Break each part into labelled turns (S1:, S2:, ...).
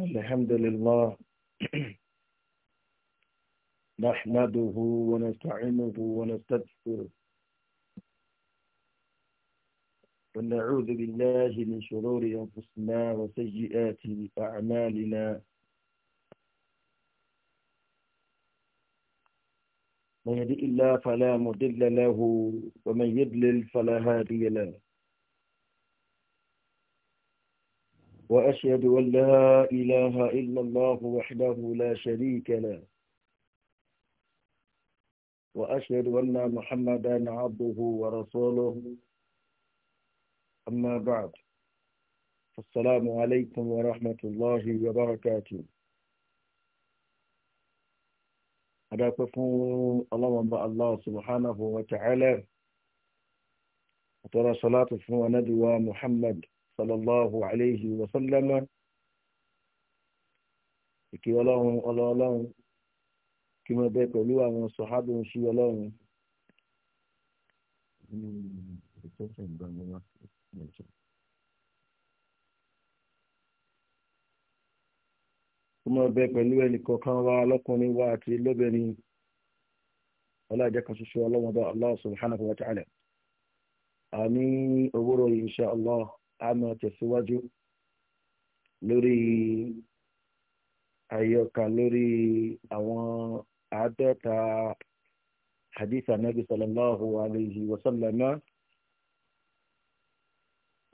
S1: الحمد لله نحمده ونستعينه ونستغفره ونعوذ بالله من شرور أنفسنا وسيئات أعمالنا من يهد الله فلا مضل له ومن يضلل فلا هادي له وأشهد أن لا إله إلا الله وحده لا شريك له وأشهد أن محمدا عبده ورسوله أما بعد السلام عليكم ورحمة الله وبركاته هذا اللهم الله سبحانه وتعالى وترى صلاة فهو ندوى محمد sallallahu alayhi wa sallama ìkí ọlọ́run ọlọ́ọ̀lọ́run kí mo bẹ pẹ̀lú àwọn sọ̀hábùn sí ọlọ́run. kí mo bẹ pẹ̀lú ẹnìkọ̀ọ̀kan wa lọ́kùnrin wa àti lóbìnrin ọlájẹ́ kan ṣoṣo ọlọ́run bá Allah subhanahu wa ta'ala. àmín òwúrọ̀ yìí insha Allah a máa tẹ̀síwájú lórí àyọkà lórí àwọn àádọ́ta hadith anabi sallallahu alayhi wa sallam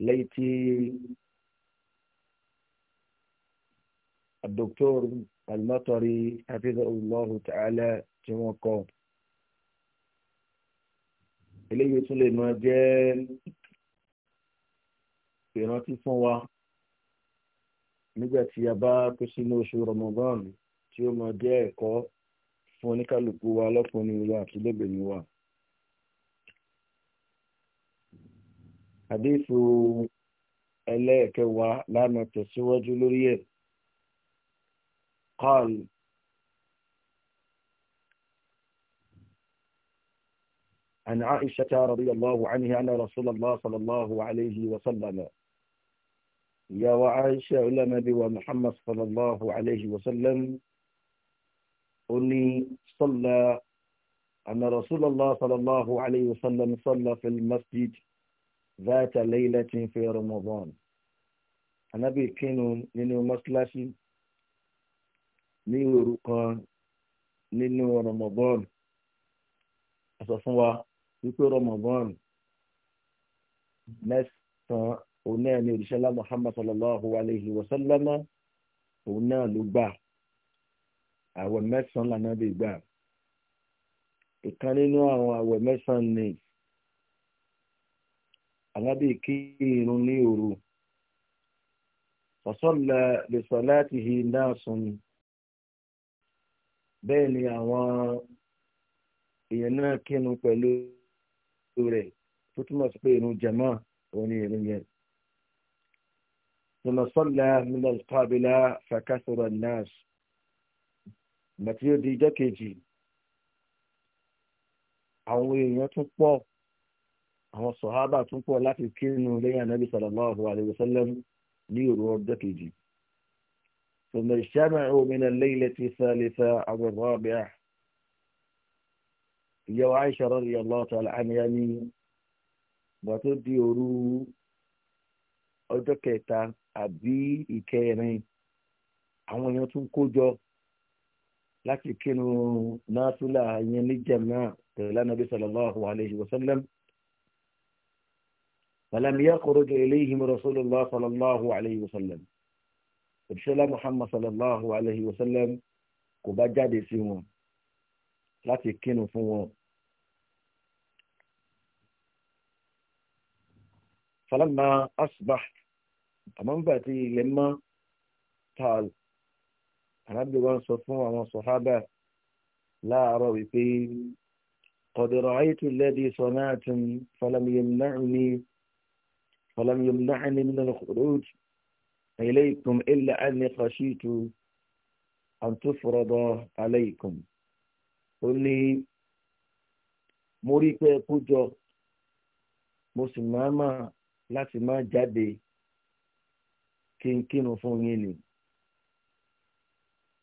S1: lẹ́yìn tí الدكتور المطري حفظه الله تعالى tí wọ́n kọ́ eléyìí tún lè máa jẹ́ ìrántí fún wa nígbà tí a bá kó sínú oṣù Ramadan tí ó máa jẹ́ ẹ̀kọ́ fún oníkálukú wa lọ́kùnrin wa àti lóbìnrin wa. àdéhùn ẹlẹ́ẹ̀kẹwàá lánàá tẹ̀síwájú lórí ẹ̀. قال عن عائشة رضي الله عنها أن رسول الله صلى الله عليه وسلم يا وعائشة إلى النبي ومحمد صلى الله عليه وسلم أني صلى أن رسول الله صلى الله عليه وسلم صلى في المسجد ذات ليلة في رمضان النبي كينو نينو مسلاشي نيو رقا نينو رمضان أساسوا يكو رمضان مس òun náà ni òdìṣẹ́lá muhammad sallallahu alayhi wa sallam òun náà ló gbà àwẹ̀ mẹ́sàn-án lànà bí gbà ìkan nínú àwọn àwẹ̀ mẹ́sàn-án ni alábì kí irun ní òru ọ̀sọ́lẹ̀ lè sọ láti hi náà sùn bẹ́ẹ̀ ni àwọn èèyàn náà kírun pẹ̀lú rẹ̀ tó túmọ̀ sí pé irun jẹ̀mọ́ òun ni irun yẹn. ثم صلى من القابلة فكثر الناس مثل ديجاكي جي أولين يتقوى هو الصحابة تقوى لكن كينو لي النبي صلى الله عليه وسلم نير وردكي جي ثم اجتمعوا من الليلة الثالثة أو الرابعة يا عائشة رضي الله تعالى عنها يعني وتدي روح ọjọ́ kẹta àbí ìkẹrin àwọn èèyàn tún kó jọ láti kínú násùlà yẹn níjàmá pẹ̀lú anábì sallallahu alayhi wa sallam. ولم يخرج إليهم رسول الله صلى الله عليه وسلم ìṣẹ́lá muhammad sallallahu alayhi wa sallam kò bá jáde sí wọn láti kínu fún wọn falamma asbah àmọ́ nígbà tí ilẹ̀ mọ́ tal arábìnrin wọn sọ fún àwọn sọ̀hábà láàárọ̀ wípé kọ̀dọ̀rọ̀ àìtú lẹ́dí sọ̀nàtún falamiyemnáàní falamiyemnáàní nínú ọ̀rọ̀d ilaykum illa anni khashitu an tufrada alaykum ó ní mo rí pé kújọ mo sì máa máa láti ma jáde kí fún yín ni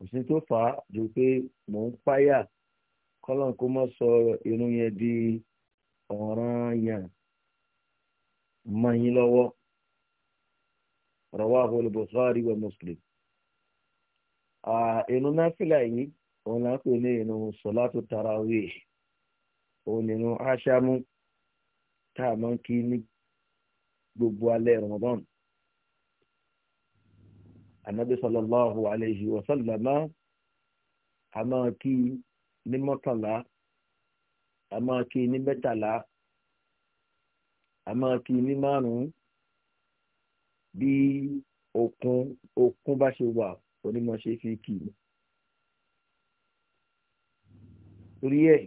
S1: òsín tó fà á ju pé mò ń páyà kọ́lọ́n kó sọ irun yẹn di ọ̀ràn yàn mọ́ yín lọ́wọ́ rawahu al-Bukhari wa Muslim inú náfìlà yìí òun là ń pè ní inú sọ̀látù tarawih òun nínú aṣáámú tá a máa ń kí gbogbo alẹ́ Ramadan anabi sallallahu alayhi wa sallama a máa kí ní mọ́kànlá a máa kí ní mẹ́tàlá a máa kí ní márùn-ún bí okun okun bá ṣe wà onímọ̀ ṣe fi kì í. torí ẹ̀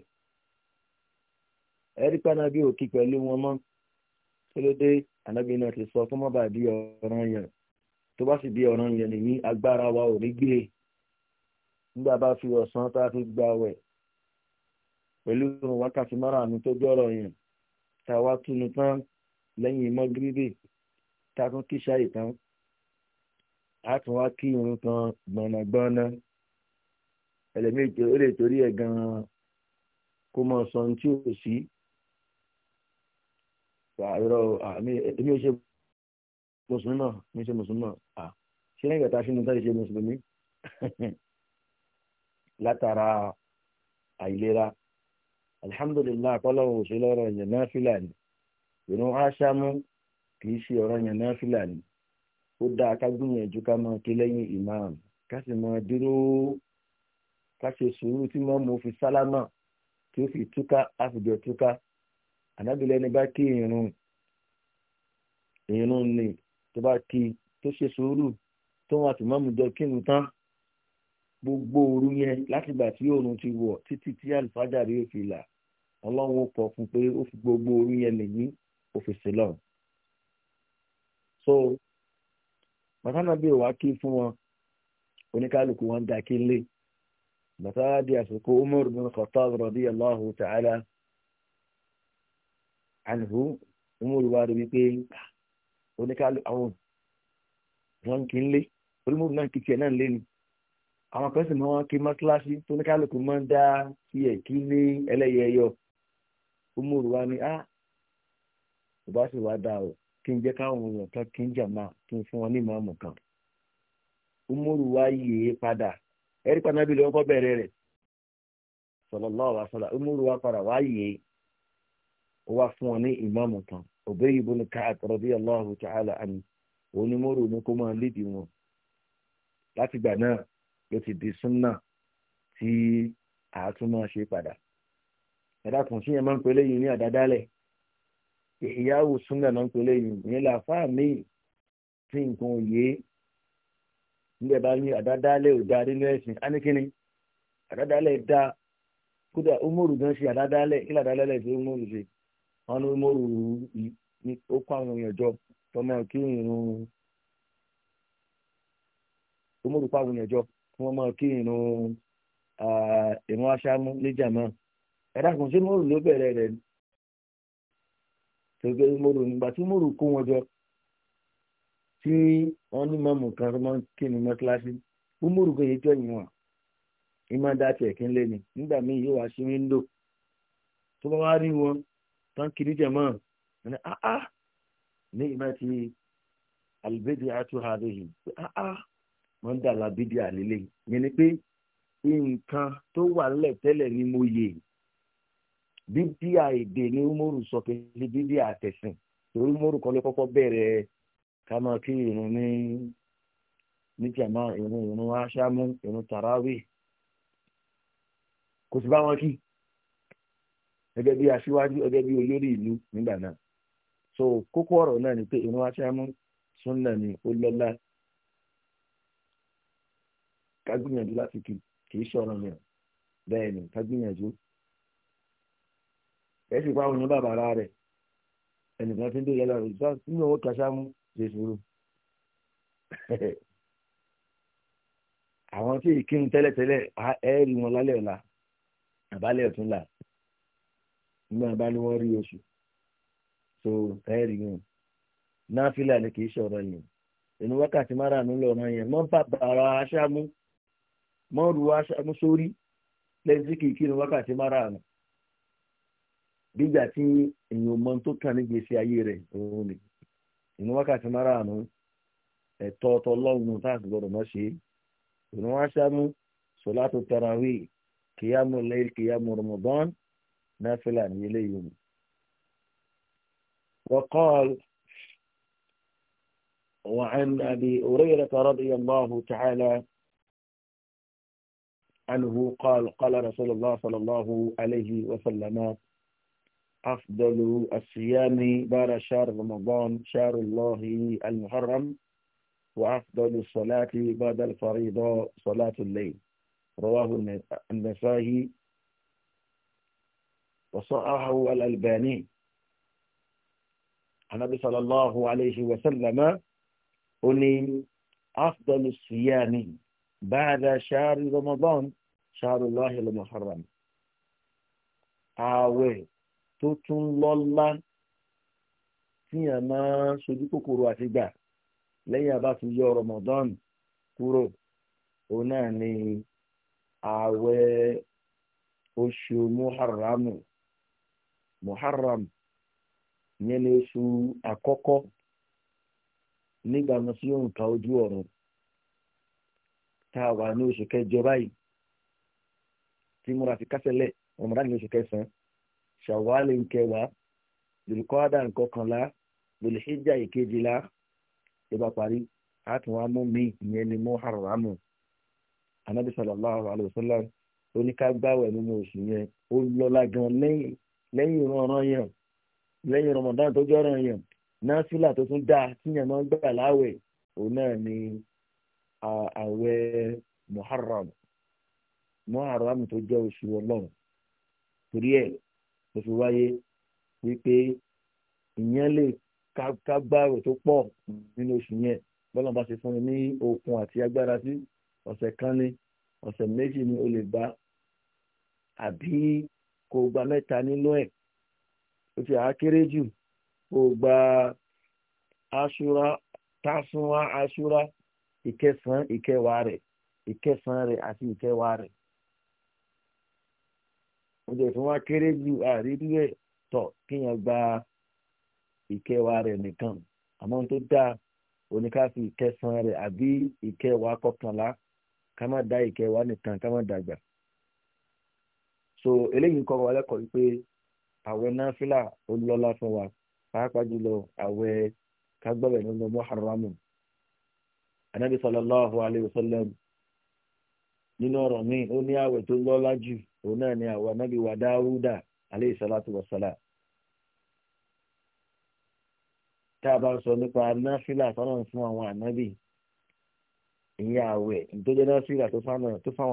S1: ẹ̀rí pàdánù bí òkì pẹ̀lú wọn mọ́ kí ló dé ànábì náà ti sọ fún mọ́bà di ọ̀ràn yẹn tó bá sì di ọ̀ràn yẹn nìyí agbára wa ò ní gbé nígbà bá fi ọ̀sán tá a fi gba wẹ̀ pẹ̀lú wákàtí márùn-ún tó jọ̀rọ̀ yẹn tá a wá túnú tán lẹ́yìn mọ́gíríbì tá a tún kí ṣáì tán a tún wá kí irun kan gbọ̀nàgbọ̀nà ẹlẹ́mìí ó lè torí ẹ̀ gan-an kó mọ̀ sọ tí ò sí àìrọ èmi ò ṣe mùsùlùmí náà mi ṣe mùsùlùmí náà ṣé ní ìgbà tá a ṣe ní tá a ṣe mùsùlùmí látara àìlera alihamdulilayi akọlọ́wọ́ òṣèlú ọ̀rọ̀ ẹ̀yẹ̀ náà fílàní ìrún áṣámú kì í ṣe ọ̀rọ̀ ẹ̀yẹ̀ náà fílàní ó dáa ká gbìyànjú ká máa ké lẹ́yìn imam ká sì máa dúró ká ṣe sùúrù tí mọ́mú fi sálámà tí ó fi túká á fi jọ túká ànábìlẹ̀ ni bá kí irun irun ni tó bá kí tó ṣe sùúrù tó wọn àti mọ́mú jọ kírun tán gbogbo òru yẹn látìgbà tí oòrùn ti wọ̀ títí tí àlùfáàjà rí òfin là ọlọ́run pọ̀ fún pé ó fi gbogbo òru yẹn nìyí òfìsì lọ. so bàtánà bí òwá kí fún wọn oníkálukú wọn dá kí lé bàtánà di àsìkò Umar bin Khattab radiyallahu ta'ala ànìhó umaru wa rí wípé ah, oníkálù àwọn wọn kì í lé olúmọ̀rù náà kì í tiẹ̀ náà lé ni àwọn kan sì máa wọn kí mọ́tíláṣí tó oníkálù kò máa ń dá tiẹ̀ kí ní ẹlẹ́yẹyọ umaru wa ni a kò bá sì wá dá o kí n jẹ́ káwọn èèyàn kan kí n jàmá kí n fún wọn ní ìmọ̀ọ́mù kan umaru wa padà ẹ̀rí padà bí lọ́wọ́ bẹ̀rẹ̀ rẹ̀ sallallahu alaihi wasallam umaru wa padà wá yèé ó wá fún ọ ní ìmáàmù kan Ubay ibn Ka'b radiyallahu ta'ala anhu onímọ̀rò ní kó máa lédè wọn látìgbà náà ló ti di súnà tí àátún máa ṣe padà ẹ̀dá kan sí ẹ̀ máa ń pe lẹ́yìn ní àdádálẹ̀ ìyáwó súnà náà ń pe lẹ́yìn ìyẹn làáfàá míì tí nǹkan òye níbẹ̀ bá ní àdádálẹ̀ ò dáa nínú ẹ̀sìn áníkíní àdádálẹ̀ dáa kódà ó mòrò gan ṣe àdádálẹ̀ kí làdádálẹ̀ ṣe ó mòrò ṣe wọn ní mo rò ó kó àwọn èèyàn jọ tọmọ kí irun tó mo rò kó àwọn èèyàn jọ kí wọn máa kí irun irun aṣáájú níjàmá ẹ̀dá kan sí mo rò ló bẹ̀rẹ̀ rẹ̀ ni tẹ̀gbẹ́ mo rò nígbà tí mo rò kó wọn jọ tí wọn ní mọ́mù kan tó máa ń kí ni mọ́tíláṣí ó mo rò kó yẹn jọ yìí wọn ìmọ̀ dá tiẹ̀ kí n lé ni nígbà míì yóò wá sí wíńdò tó bá wá rí wọn tán kiri jẹ̀mọ́ ẹni áá ah, ah. ní ìmọ̀ ti alibidi atuha lehi áá wọ́n ah, ń dà labidi àlélẹ́ yẹn ni pé nǹkan tó wà lẹ̀ tẹ́lẹ̀ ni mo yè bíbí àìdè ni umaru sọ pé bíbí àtẹ̀sìn torí umaru kọ́ ló kọ́kọ́ bẹ̀rẹ̀ ká máa kí irun ní ní jẹ̀mọ́ irun irun aṣáámú irun tàràwì kò sí bá wọn kí gẹ́gẹ́ bí aṣíwájú gẹ́gẹ́ bí olórí ìlú nígbà náà so kókó ọ̀rọ̀ náà ni pé ìrun aṣáámú súnà ni ó lọ́lá ká gbìyànjú láti kì í ṣọ̀rọ̀ yẹn bẹ́ẹ̀ ni ká gbìyànjú ẹ sì pa àwọn èèyàn bàbá ara rẹ̀ ẹnìkan tí ń dóyè lọ́rọ̀ ìgbà nínú owó kàṣámú ṣe sùúrù àwọn tí ìkírun tẹ́lẹ̀tẹ́lẹ̀ ẹ rí wọn lálẹ́ ọ̀la àbálẹ̀ ọ̀túnla nígbà bá ní wọ́n so ẹ̀rí yẹn náfìlà ni kì í ṣọ̀rọ̀ yẹn inú wákàtí márààrún lọ́rọ̀ yẹn mọ́ a aṣáámú mọ́ ru aṣáámú sórí lẹ́yìn tí kìí kírun wákàtí márààrún tí èèyàn mọ ka kàn ní gbèsè ayé rẹ̀ òun ni inú ما فلان eléyìí وقال وعن أبي هريرة رضي الله تعالى عنه قال قال رسول الله صلى الله عليه وسلم أفضل الصيام بعد شهر رمضان شهر الله المحرم وأفضل الصلاة بعد الفريضة صلاة الليل رواه النسائي وصححه الألباني النبي صلى الله عليه وسلم أني أفضل الصيام بعد شهر رمضان شهر الله المحرم ààwẹ̀ tó tún lọ́lá tí a máa ṣojú kòkòrò àti gbà lẹ́yìn abá ti yọ Ramadan kúrò òun náà ni ààwẹ̀ oṣù muharramu muharram ìyẹn ni oṣù àkọ́kọ́ nígbà wọn sí òǹkà ojú ọ̀run tá a wà ní oṣù kẹjọ báyìí tí múra fi kásẹ̀lẹ̀ ọmọdé ní oṣù kẹsàn-án ṣàwálé nkẹwàá lùlùkọ́dà nkọkànlá lùlùhíjà ìkejìlá ló bá parí a tún wá mú mi ìyẹn ni muharramu anabi sallallahu alayhi wa sallam oníkàgbáwẹ̀ nínú oṣù yẹn ó lọ́lá gan lẹ́yìn lẹ́yìn ìran ọ̀ràn yẹn lẹ́yìn Ramadan tó jọ́ràn yẹn náfìlà tó tún dáa tíyẹn máa ń gbà láwẹ̀ òun náà ni àwẹ̀ Muharram Muharram tó jẹ́ oṣù Ọlọ́run torí ẹ̀ ló fi wáyé wípé ìyẹn lè kágbáwò tó pọ̀ nínú oṣù yẹn bọ́lá bá ṣe fún mi ní okun àti agbára sí ọ̀sẹ̀ kan ní ọ̀sẹ̀ méjì ni o lè gbà àbí kò gba mẹ́ta nínú ẹ̀ ó ti àákéré jù kò gba aṣúra tásúnwá aṣúra ìkẹsàn ìkẹwàá rẹ̀ ìkẹsàn rẹ̀ àti ìkẹwàá rẹ̀ ó jẹ́ fún wa kéré jù àrídú ẹ̀ tọ̀ kíyàn gba ìkẹwàá rẹ̀ nìkan àmọ́ tó dáa oníkàfi ìkẹsàn rẹ̀ àbí ìkẹwàá kọkànlá ká má dá ìkẹwàá nìkan ká má dàgbà. so eléyìí kọ́ wa lẹ́kọ̀ọ́ pé àwẹ̀ náfìlà ó lọ́lá fún wa pàápàá jùlọ àwẹ̀ kágbọ́bẹ̀ nínú muharramu anabi sallallahu alayhi wa sallam nínú ọ̀rọ̀ mi ó ní àwẹ̀ tó lọ́lá jù òun anabi wa dáúdà alayhi salatu wa salam tá a bá sọ nípa anabi ìyá àwẹ̀ tó jẹ́ náfìlà tó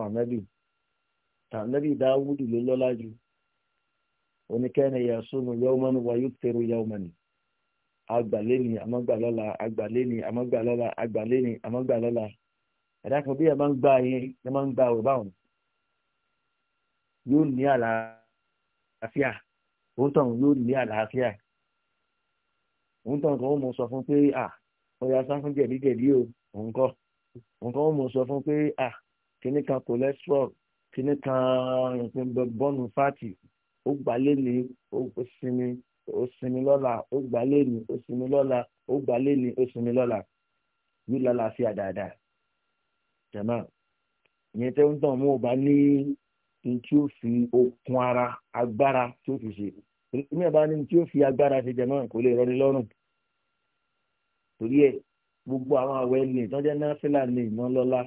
S1: anabi ànábì dáwúdù ló lọ́lá jù oníkẹ́ni yasumu yawman wa yuftiru yawman agbalẹ́ni amágbàlọ́la agbalẹ́ni amágbàlọ́la agbalẹ́ni amágbàlọ́la ẹ̀dá kan bí ẹ máa ń gbá yẹn ẹ máa ń gbá ọ̀rọ̀ báwọn yóò ní àlàáfíà òun tàn yóò ní àlàáfíà òun tàn kan ó mọ sọ fún pé à ọ̀yà sáfún jẹ̀díjẹ̀dí o òun kọ́ òun kan ó mọ sọ fún pé à kíní kan cholesterol kíní kan ìpín bọ́ọ̀nù fáàtì ó gbà lẹ́ni ó sinmi ó sinmi lọ́la ó gbà lẹ́ni ó sinmi lọ́la ó gbà lẹ́ni ó sinmi lọ́la yóò lálàáfíà dáadáa jẹ̀mọ́ ìyẹn tẹ́ ń tàn mọ́ ọba ní tí ó fi okun ara agbára tí ó fi ṣe ní ọba ní tí ó fi agbára ṣe jẹ̀mọ́ kò lè rọni lọ́rùn torí ẹ̀ gbogbo àwọn àwẹ̀ ní ìtọ́jẹ́ náà fílà ní ìmọ̀lọ́lá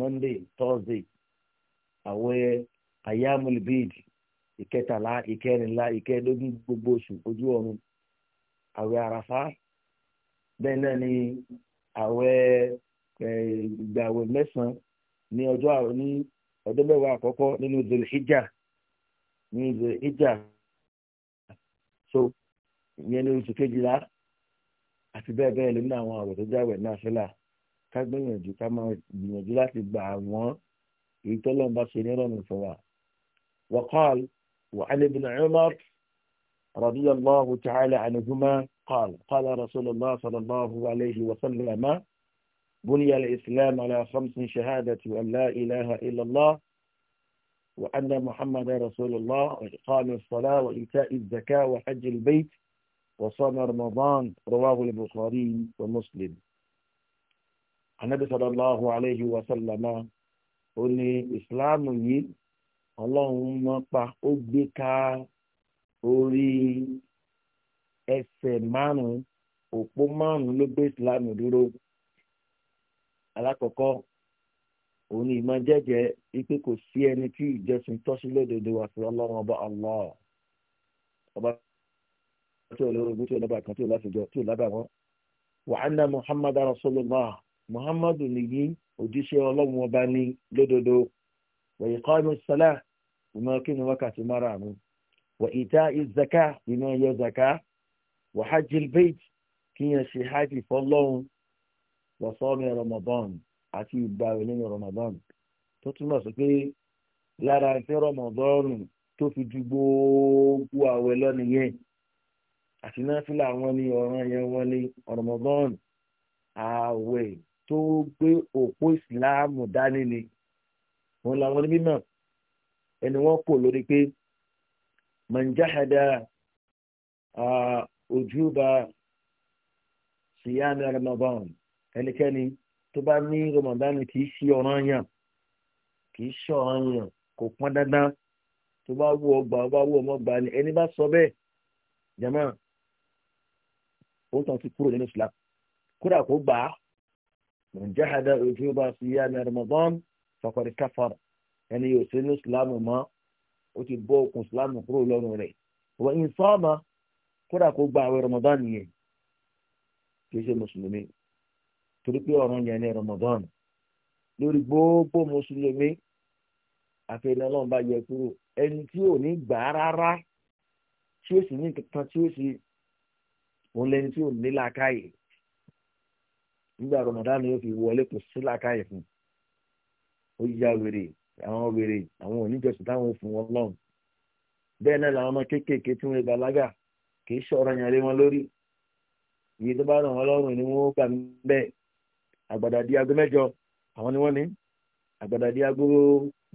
S1: Monday Thursday àwẹ̀ ayámúlùbíìd ìkẹtàlá ìkẹrìnlá ìkẹẹ̀dógún gbogbo oṣù ojú ọ̀run àwẹ̀ àràfá bẹ́ẹ̀ náà ni àwẹ̀ ìgbàwẹ̀ mẹ́sàn-án ní ọjọ́ àrùn ní ọdún mẹ́wàá àkọ́kọ́ nínú zulhijjah ní zulhijjah so ìyẹn ní oṣù kejìlá àti bẹ́ẹ̀ bẹ́ẹ̀ lónìí àwọn àwẹ̀ tó jáwẹ̀ náà fẹ́lá ká gbìyànjú ká máa gbìyànjú láti gbà wọ́n يتكلم بس من سواء وقال وعن ابن عمر رضي الله تعالى عنهما قال قال رسول الله صلى الله عليه وسلم بني الإسلام على خمس شهادة أن لا إله إلا الله وأن محمد رسول الله وإقام الصلاة وإيتاء الزكاة وحج البيت وصام رمضان رواه البخاري ومسلم النبي صلى الله عليه وسلم ó ní yi yìí ọlọ́run mọ́pa ó gbé ká orí ẹsẹ̀ márùn-ún òpó márùn-ún ló gbé ìsìláàmù dúró alákọ̀ọ́kọ́ òun ni ìmọ̀ jẹ́jẹ́ wípé kò sí ẹni tí ìjọsìn tọ́sí lódodo ọba allah ọba tí ò lórí tí ò òjíṣẹ́ ọlọ́run ọba ní lódodo wa iqamu salah ìmọ̀ kínú wákàtí márààrún wa ita'i zaka ìmọ̀ yọ zaka wa hajjil bayt kíyàn ṣe hajj fọlọ́run wa sawmi Ramadan àti ìgbà ìlẹ́yìn Ramadan tó túmọ̀ sí pé lára ìfẹ́ Ramadan tó fi ju gbogbo àwẹ̀ lọ nìyẹn àti náà fílà wọn ni ọ̀ràn yẹn wọn Ramadan àwẹ̀ tó gbé òpó ìsìláàmù dání ni wọn làwọn onímọ̀ ẹni wọn kò lórí pé manjahada ojúba siyami ramadan ẹnikẹ́ni tó bá ní ramadan kì í ṣe ọ̀ràn yàn kì í ṣe ọ̀ràn yàn kò pọn dandan tó bá wú ọgbà ó bá wú ọmọ ni ẹni bá sọ bẹ́ẹ̀ jama ó tàn ti kúrò nínú islam kódà kó gbà á من جحد وجوب صيام رمضان فقد كفر ẹni yóò ṣe ní ìsìlámù mọ́ ó ti bọ́ okùn ìsìlámù kúrò lọ́rùn rẹ̀ wọ́n ń sọ́ọ̀mà kódà kó gba àwẹ̀ ramadan yẹn kìí ṣe mùsùlùmí torí pé ọ̀ràn yẹn ní ramadan lórí gbogbo mùsùlùmí àfihàn ọlọ́run bá yẹ kúrò ẹni tí ò ní gbà rárá tí ó sì ní kankan tí ó sì òun lẹni tí ò ní làákàyè nígbà rọmọdánù yóò fi wọlé kò sí làákàyè fún ó yá wèrè àwọn wèrè àwọn oníjọsìn táwọn fún wọn lọ́hùn bẹ́ẹ̀ náà làwọn ọmọ kéékèèké tí wọ́n bàlágà kì í ṣọ̀rọ̀ yàn lé wọn lórí iye tó bá ràn wọ́n lọ́rùn ni wọ́n gbà bẹ́ẹ̀ àgbàdà di aago mẹ́jọ àwọn ni wọ́n ní àgbàdà di aago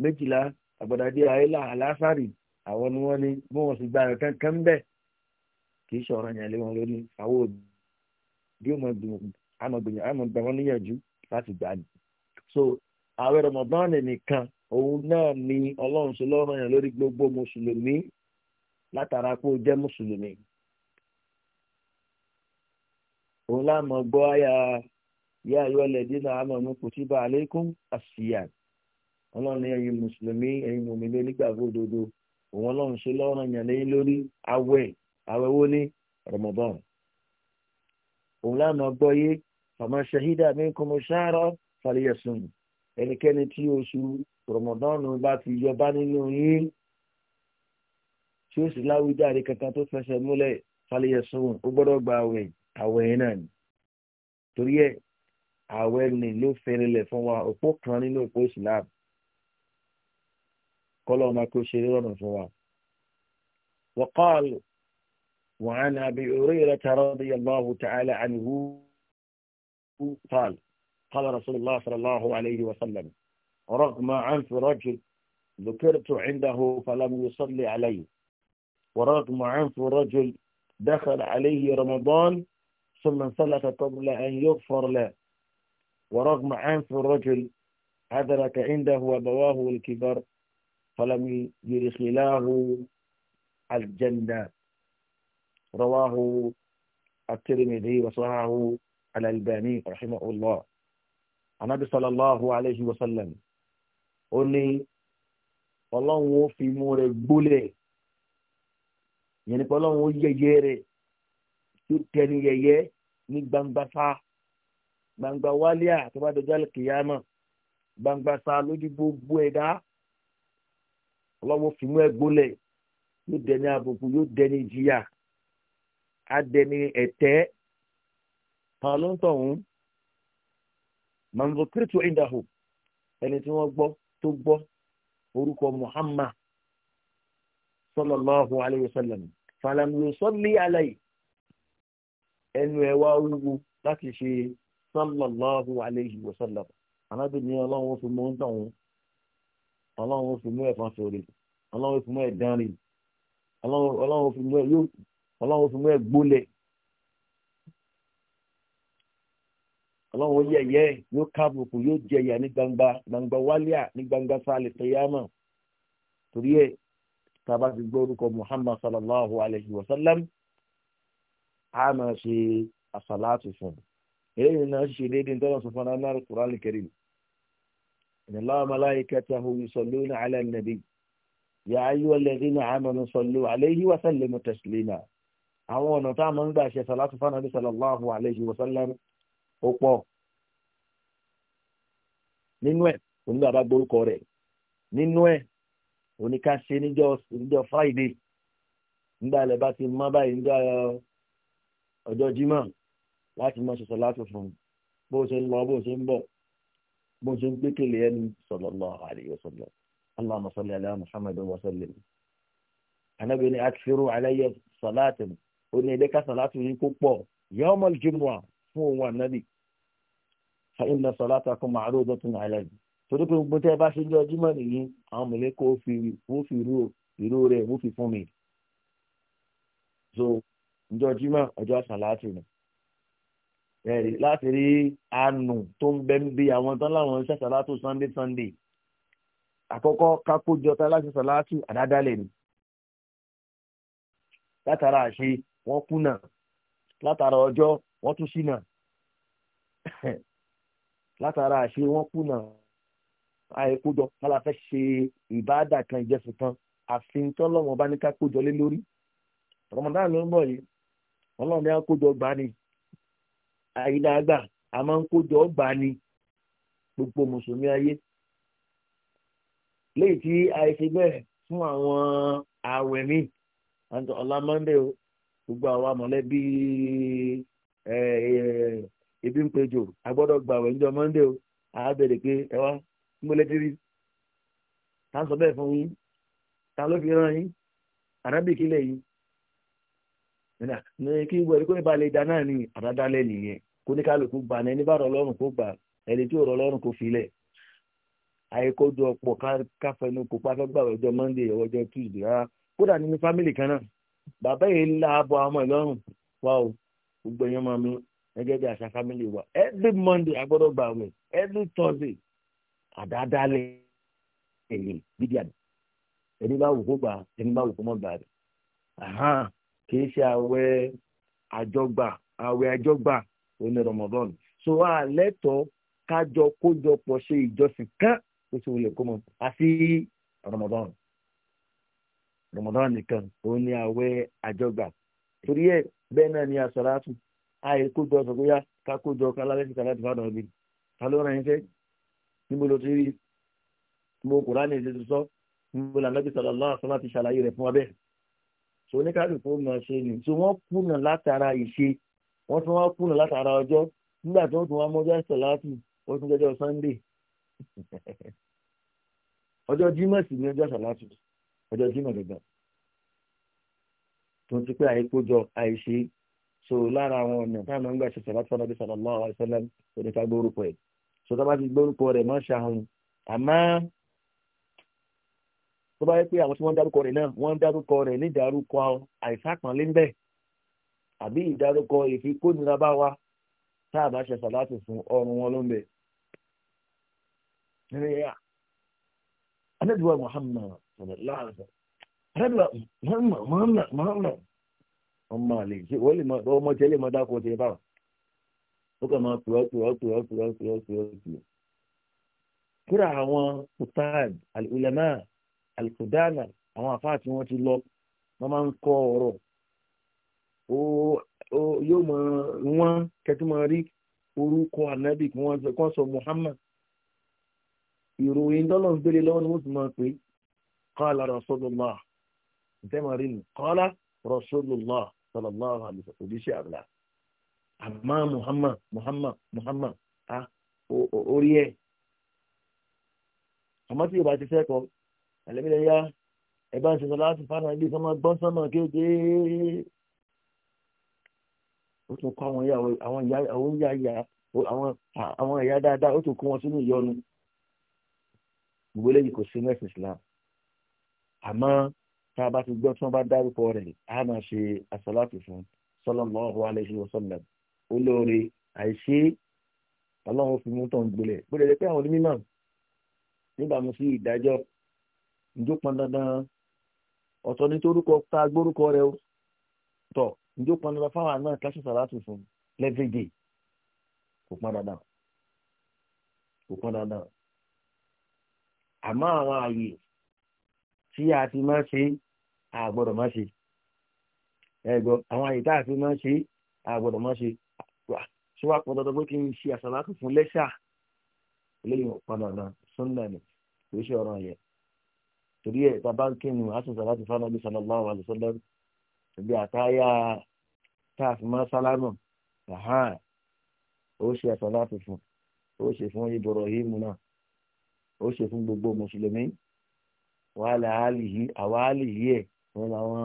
S1: méjìlá àgbàdà di àyílà àlásàrì àwọn ni wọ́n ní bí wọ́n sì gba ẹ̀rọ kankan bẹ́ẹ̀ kì í ṣọ̀rọ̀ yàn lé wọn lórí àwọn òbí àmọ́ gbìyànjú àmọ́ gbà wọ́n níyànjú láti gbà ní. so ààwẹ̀ Ramadan nìkan òun náà ni ọlọ́run ṣe lọ́rùn yẹn lórí gbogbo mùsùlùmí látara pé ó jẹ́ mùsùlùmí. òun láàmọ̀ gbọ́ àyà yá ayọ́lẹ̀ dínà àmọ̀ ní kùtìbà alaykum àṣìyà ọlọ́run ní ẹ̀yin mùsùlùmí ẹ̀yin mùmílẹ́ nígbàgbọ́ òdodo òun ọlọ́run ṣe lọ́rùn yẹn lórí àwẹ̀ àwẹ̀ wo ni òun lánàá gbọ́ yé fàmọ́ ṣahídà mi kò mọ ṣáárọ̀ fàlẹ́yẹsùn ẹnikẹ́ni tí oṣù rọmọdánù bá ti yọba nínú yín tí ó sì láwùjáde kankan tó fẹsẹ̀ múlẹ̀ fàlẹ́yẹsùn ó gbọ́dọ̀ gba àwẹ̀ àwẹ̀ yẹn náà ni torí ẹ̀ àwẹ̀ ni ló fẹ́rẹ̀lẹ̀ fún wa òpó kan nínú òpó ìsìláàmù kọ́lọ́ ọmọ kó ṣe rọrùn fún wa. wọ́n kọ́ àlù. وعن أبي هريرة رضي الله تعالى عنه قال قال رسول الله صلى الله عليه وسلم رغم عنف رجل ذكرت عنده فلم يصلي عليه ورغم عنف رجل دخل عليه رمضان ثم انسلخ قبل أن يغفر له ورغم عنف الرجل أدرك عنده أبواه الكبر فلم يرسلاه الجنة رواه الترمذي وصححه الألباني رحمه الله النبي صلى الله عليه وسلم قل لي ọlọ́run ó fi imú rẹ̀ gbólẹ̀ yẹn ni pé ọlọ́run ó yẹyẹ rẹ̀ tó tẹni yẹyẹ ní gbangba fa gbangba wálíà tó bá dọjọ́ àlùkìyàmọ̀ gbangba sa lójú gbogbo ẹ̀dá ọlọ́run ó fi imú ẹ̀ gbólẹ̀ yóò dẹni àbùkù yóò dẹni ìjìyà adẹni ẹ̀tẹ́ ta ló ń tọ̀hún manzukritu indahu ẹni tí wọ́n gbọ́ tó gbọ́ orúkọ muhammad sallallahu alayhi wa sallam falam yusalli alayhi ẹnu ẹ̀ wá wúwo láti ṣe sallallahu alayhi wa sallam anábìnrin ọlọ́run fi mú ń tọ̀hún ọlọ́run fi sórí ọlọ́run fi mú ẹ̀dán rí ọlọ́run fi mú yóò ọlọ́run fi mú ẹ gbólẹ̀ ọlọ́run yẹ̀yẹ́ yóò kábùkù yóò jẹyà ní gbangba gbangba wálíà ní gbangba sálẹ̀ tẹ̀yàmọ̀ torí ẹ̀ tábà ti gbọ́ orúkọ muhammad sallallahu alayhi wa sallam a máa ṣe àṣàlátù fún un eléyìí náà ṣe déédéé nítorí ọ̀sán fún anáàrú quran kẹrin ان الله ملائكته يصلون على النبي يا ايها الذين امنوا صلوا عليه وسلموا تسليما àwọn ọ̀nà tá a máa ń gbà ṣe sàlátù fún Ànábì sallallahu alayhi wa sallam ó pọ̀ nínú ẹ̀ onígbà bá gborúkọ rẹ̀ nínú ẹ̀ oníká ṣe níjọ́ Friday nígbà ilẹ̀ bá ti mọ́ báyìí nígbà ọjọ́ Jímọ̀ láti máa ṣe sàlátù fún bó ṣe ń lọ bó ṣe ń bọ̀ bó ṣe ń gbékèlè ẹni sallallahu alayhi wa sallam ó ní ẹ̀dẹ́ka sàlátù yín kó pọ̀ yawmal jumu'a fún òun ànábì fa inna salatakum ma'rudatun alayhi torí pé gbogbo tẹ́ ẹ bá ṣe ń jọ jímọ̀ nìyí àwọn mọ̀lẹ́kọ̀ ó fi ìró rẹ̀ ó fi fún mi so ǹjọ́ jímọ̀ ọjọ́ sàlátù ni ẹ̀rí láti rí àánú tó ń bẹ́ ń bí àwọn tán láwọn ṣe sàlátù sunday sunday àkọ́kọ́ kákójọ láti sàlátù àdádálẹ̀ ni látara àṣe wọ́n kùnà látara ọjọ́ wọ́n tún ṣìnà látara àṣe wọ́n kùnà àìkójọ kálá fẹ́ ṣe ìbáàdà kan ìjẹsìn kan àfihàn tọ́lọ́wọ́n bá ní ká kójọ lé lórí rọmọdán ló ń bọ̀ yìí ọlọ́run ní àkójọ gbà ni àyídáàgbà a máa ń kójọ gbà ni gbogbo mùsùlùmí ayé léyìí tí àìṣe fún àwọn ààwẹ̀ mi ọ̀la o gbogbo àwa mọ̀lẹ́bí ebi ń pejò a gbọ́dọ̀ gbà wẹ̀ níjọ́ mọ́ndé o àá bẹ̀rẹ̀ pé ẹ wá mọ́lẹ́tìrì tá a sọ bẹ́ẹ̀ fún yín ta ló fi rán yín arábìkí lẹ́yìn kí wọ́n rí kó nípa lè dáná ní àdádálẹ̀ nìyẹn kó ní kálukú gbà ní ẹni bá rọ lọ́rùn kó gbà ẹni tí ò rọ lọ́rùn kó filẹ̀ àìkójọ pọ̀ káfẹ́nu kó pàfẹ́ gbàwẹ̀ ọjọ́ mọ́ndé ọjọ́ tuesday rárá kódà nínú fámìlì kan náà bàbá yìí láàbọ àwọn ìlọrùn wa o gbogbo ẹyàn máa mi gẹ́gẹ́ bí àṣà family wa every monday agbọ́dọ̀ gbà wẹ̀ every thursday àdáadáalẹ̀ èyí bídíà ẹni bá wù kó gbà ẹni bá wù kó mọ̀ gbà rẹ̀ kì í ṣe àwẹ̀ àjọgbà àwẹ̀ àjọgbà oní ramadan so a lẹ́tọ̀ọ́ kájọ kójọpọ̀ ṣe ìjọsìn kan tó ṣe wọlé kó mọ̀ àfi ramadan rọmọdán nìkan òun ni àwẹ̀ àjọgbà torí ẹ̀ bẹ́ẹ̀ náà ni àsàlátù àìkójọ sọgbóyà kákójọ kálálẹ́sì kálátù fáwọn ọ̀gbìn ta ló ràn yín fẹ́ níbo ló ti rí mo kùránì ti sọ níbo làlọ́bí sàlọ́lá àsọ́lá ti ṣàlàyé rẹ̀ fún wa bẹ́ẹ̀ so oníkálùkù ó máa ṣe ni so wọ́n kùnà látara ìṣe wọ́n tún wọ́n kùnà látara ọjọ́ nígbà tí wọ́n tún wá mọ́jọ́ àsàlátù ó tún jẹ́jọ́ sunday ọjọ́ jímọ̀ sí ni ọjọ́ àsàlátù ọjọ́ jímọ̀ gbẹ̀gbẹ̀ tó ti pé àìkójọ àìṣe so lára àwọn ọ̀nà táwọn máa ń gbà ṣe sàlátù fún Ànábì sallallahu alaihi wasallam oníta gbórúkọ ẹ̀ so tó bá ti gbórúkọ rẹ̀ máa ṣàhùn àmọ́ tó bá yẹ pé àwọn tí wọ́n ń dárúkọ rẹ̀ náà wọ́n ń dárúkọ rẹ̀ ní ìdárúkọ àìsàpọ̀nlé ń àbí ìdárúkọ ìfikónira bá wa tá bá ṣe sàlátù fún ọrùn wọn ló ń bẹ̀. Muhammad sọ̀rọ̀láàzọ̀ ẹ̀dùn mọ́nà mọ́nà mọ́nà ọmọ àlè ṣe wọ́n lè mọ ọmọ tiẹ̀ lè mọ dákọ̀ tiẹ̀ báwọn ó kàn máa pè ọ́ pè ọ́ pè ọ́ pè ọ́ pè ọ́ pè ọ́ pè ọ́. kíra àwọn kùtàd alùlẹ̀mà alùkùdánà àwọn àfáà tí wọ́n ti lọ wọ́n máa ń kọ́ ọ̀rọ̀ yóò mọ wọ́n kẹ́tù rí orúkọ ànábì kí wọ́n sọ Muhammad ìròyìn dọ́lọ́ ń gbélé lọ́wọ́ ni wọ́n ti máa pè é qala rasulullah ìtẹ́mọ̀rí nù qala rasulullah sallallahu alaihi wasallam òjíṣẹ́ àbúlà àmọ́ muhammad muhammad muhammad a orí ẹ̀ àmọ́ tí yorùbá ti fẹ́ kọ ẹlẹ́mìlẹ̀ yá ẹ bá ń ṣe sọ láti fara ibi sọmọ gbọ́n sọmọ kéde ó tún kọ́ àwọn ìyá àwọn ìyá àwọn ìyá ìyá àwọn àwọn ìyá dáadáa ó tún kó wọn sínú ìyọnu ìwé lẹ́yìn kò sí mẹ́sìn islam àmọ́ tá a bá ti gbọ́ tí wọ́n bá dárúkọ rẹ̀ á máa ṣe àsọláàtì fún sallallahu alaihi wasallam olóore àìṣe ọlọ́run fi mú tán gbolẹ̀ bó lè pẹ́ àwọn onímọ̀ níbàámu sí ìdájọ́ ǹjọ́ pọn dandan ọ̀tọ̀ ní torúkọ ta gbórúkọ rẹ o tọ̀ ǹjọ́ pọn dandan fáwọn náà ká ṣe sàlátì fún lẹ́fẹ̀dé kò pọn dandan kò pọn dandan àmọ́ àwọn ààyè tí a ti máa ṣe àgbọ̀dọ̀ máa ṣe ẹ̀gbọ́ àwọn àyè tá a ti máa ṣe àgbọ̀dọ̀ máa ṣe ṣé wàá pọn dandan pé kí n ṣe àṣàlátù fún lẹ́ṣà eléyìí ò padà náà sunna ni kò ṣe ọ̀ràn yẹn torí ẹ̀ tá a bá ń kí ni àṣìṣe láti fáwọn ọmọdé sallallahu alaihi wasallam ibi àtàyà tá a fi máa sálámù ó ṣe àṣàlátù fún ó ṣe fún Ibrahim náà ó ṣe fún gbogbo mùsùlùmí wàhálà àlìyí àwọn àlìyí ẹ̀ wọn làwọn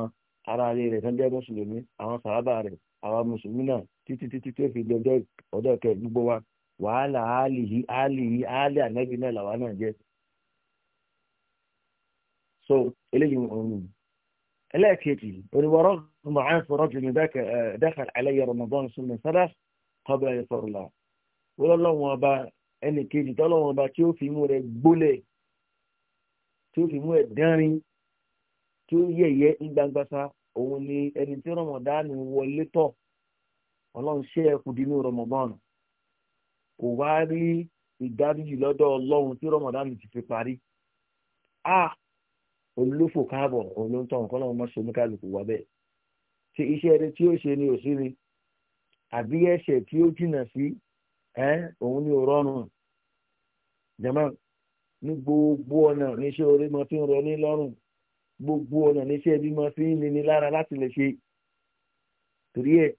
S1: ará ilé rẹ̀ tán jẹ́ mùsùlùmí àwọn sàábà rẹ̀ àwọn mùsùlùmí náà títí títí tó fi dọjọ́ ọ̀dọ̀ kẹ gbogbo wa wàhálà àlìyí àlìyí àlì ànẹ́bí náà làwọn náà jẹ́. so eléyìí ọ̀run ẹlẹ́ẹ̀kejì oníwọ̀rọ̀ mọ̀ọ́n fọ̀rọ̀ jù ní dákà àlẹ́yẹ rọmọdún súnmọ́ sádà kọ́bẹ̀rẹ̀ fọ̀rọ̀ la wọ́n lọ́wọ́ ọba ẹnì kejì tọ́lọ́wọ́ ọba tí ó fi mú rẹ̀ gbólẹ̀ tí ó fi mú ẹ̀dánrin tí ó yẹ̀yẹ́ ní gbangbasa òun ni ẹni tí rọmọdánù wọlé tọ̀ ọlọ́run ṣe é kù dínú rọmọdánù kò wá rí ìdáríjì lọ́dọ̀ ọlọ́run tí rọmọdánù ti fi parí a olùlófò káàbọ̀ òun ló ń tọ̀ nǹkan náà mọ́ ṣe oníkàlùkù wá bẹ́ẹ̀ ṣe iṣẹ́ rẹ tí ó ṣe ni òṣèré àbí ẹ̀ṣẹ̀ tí ó jìnnà sí ẹ̀ òun ni ò rọrùn jẹ́mọ́ ní gbogbo ọ̀nà níṣẹ́ orí mọ́ fi ń rọ ní lọ́rùn gbogbo ọ̀nà níṣẹ́ bí mọ́ fi ń nini lára láti lè ṣe torí ẹ̀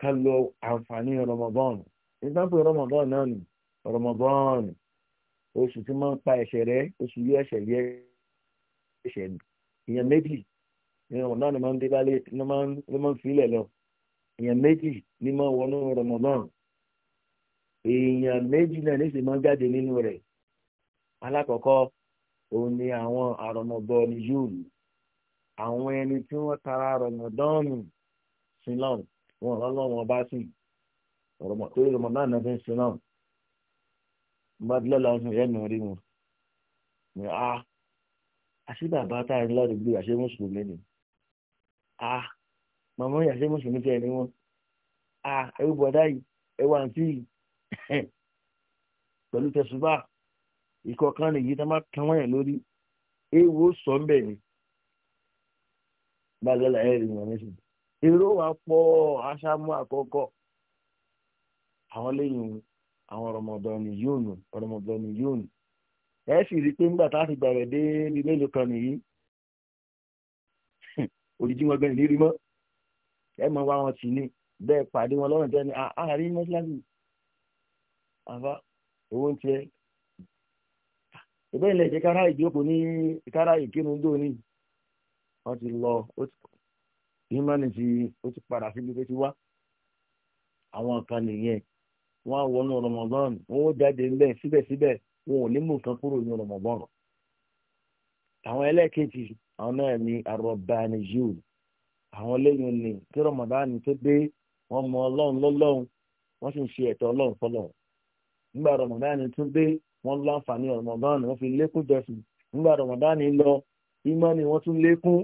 S1: ká lọ àǹfààní Ramadan nígbàgbọ́ Ramadan náà ni Ramadan oṣù tí máa ń pa ẹ̀ṣẹ̀ rẹ oṣù yẹ ẹ̀ṣẹ̀ yẹ ẹ̀ṣẹ̀ èèyàn méjì ni Ramadan máa ń dé lálé ló máa ń filẹ̀ lọ èèyàn méjì ni máa wọnú Ramadan èèyàn méjì náà ní sì máa ń alákọ̀ọ́kọ́ òun ni àwọn àrọ̀mọ̀bọ́ọ̀lù yóò lù àwọn ẹni tí wọ́n tara rọ̀mọ̀dọ́ọ̀nù sílọ̀n wọn ọlọ́wọ́n bá sì torí rọ̀mọ̀dọ́ọ̀nù náà fi ń sílọ̀n mọ́tìlọ́lá ọ̀sùn yẹn nù rí wọn ni ah, a àṣì bàbá táyà ńlá rẹ̀ gbé àṣẹ mùsùlùmí ni ah, a màmá àṣẹ mùsùlùmí tẹ̀ ní wọn a ah, ẹwú bọ̀dá yìí ẹwà àǹtí yìí pẹ̀lú tẹ̀sùbà ìkọ̀kan nìyí tá máa kàn wọ́n yẹn lórí ewu sọ ń bẹ̀ ni bàgẹ́là ẹ̀ rí wọn èrò wa pọ̀ aṣáájú àkọ́kọ́ àwọn lẹ́yìn àwọn ọ̀rọ̀mọdọ́ni yóò nù ọ̀rọ̀mọdọ́ni yóò nù ẹ sì rí i pé nígbà tá a ti gbàgbẹ́ dé ibi mélòó kan nìyí òjijì wọn gbẹ̀yìn lérí mọ́ ẹ mọ wá wọn sí ni bẹ́ẹ̀ pàdé wọn lọ́rùn tẹ́ni àárín mọ́síláàmù àbá owó ń tiẹ̀ Ebee ile ìjẹ́ kára ìjókòó ní kára ìkírun dò ní wọ́n ti lọ humanity ó ti padà síbi tó ti wá àwọn kan nìyẹn wọ́n á wọnú Ramadan wọ́n ó jáde ńbẹ síbẹ̀síbẹ̀ wọn ò ní mú nǹkan kúrò ní Ramadan àwọn awọn àwọn náà ní arọ̀bàní yìí àwọn lẹ́yìn ní tí Ramadan tó dé wọ́n mọ ọlọ́run lọ́lọ́run wọ́n sì ń wọ́n láǹfààní Ramadan wọ́n fi lékún jẹ̀sìn nígbà Ramadan lọ ìmọ̀ ni wọ́n tún lékún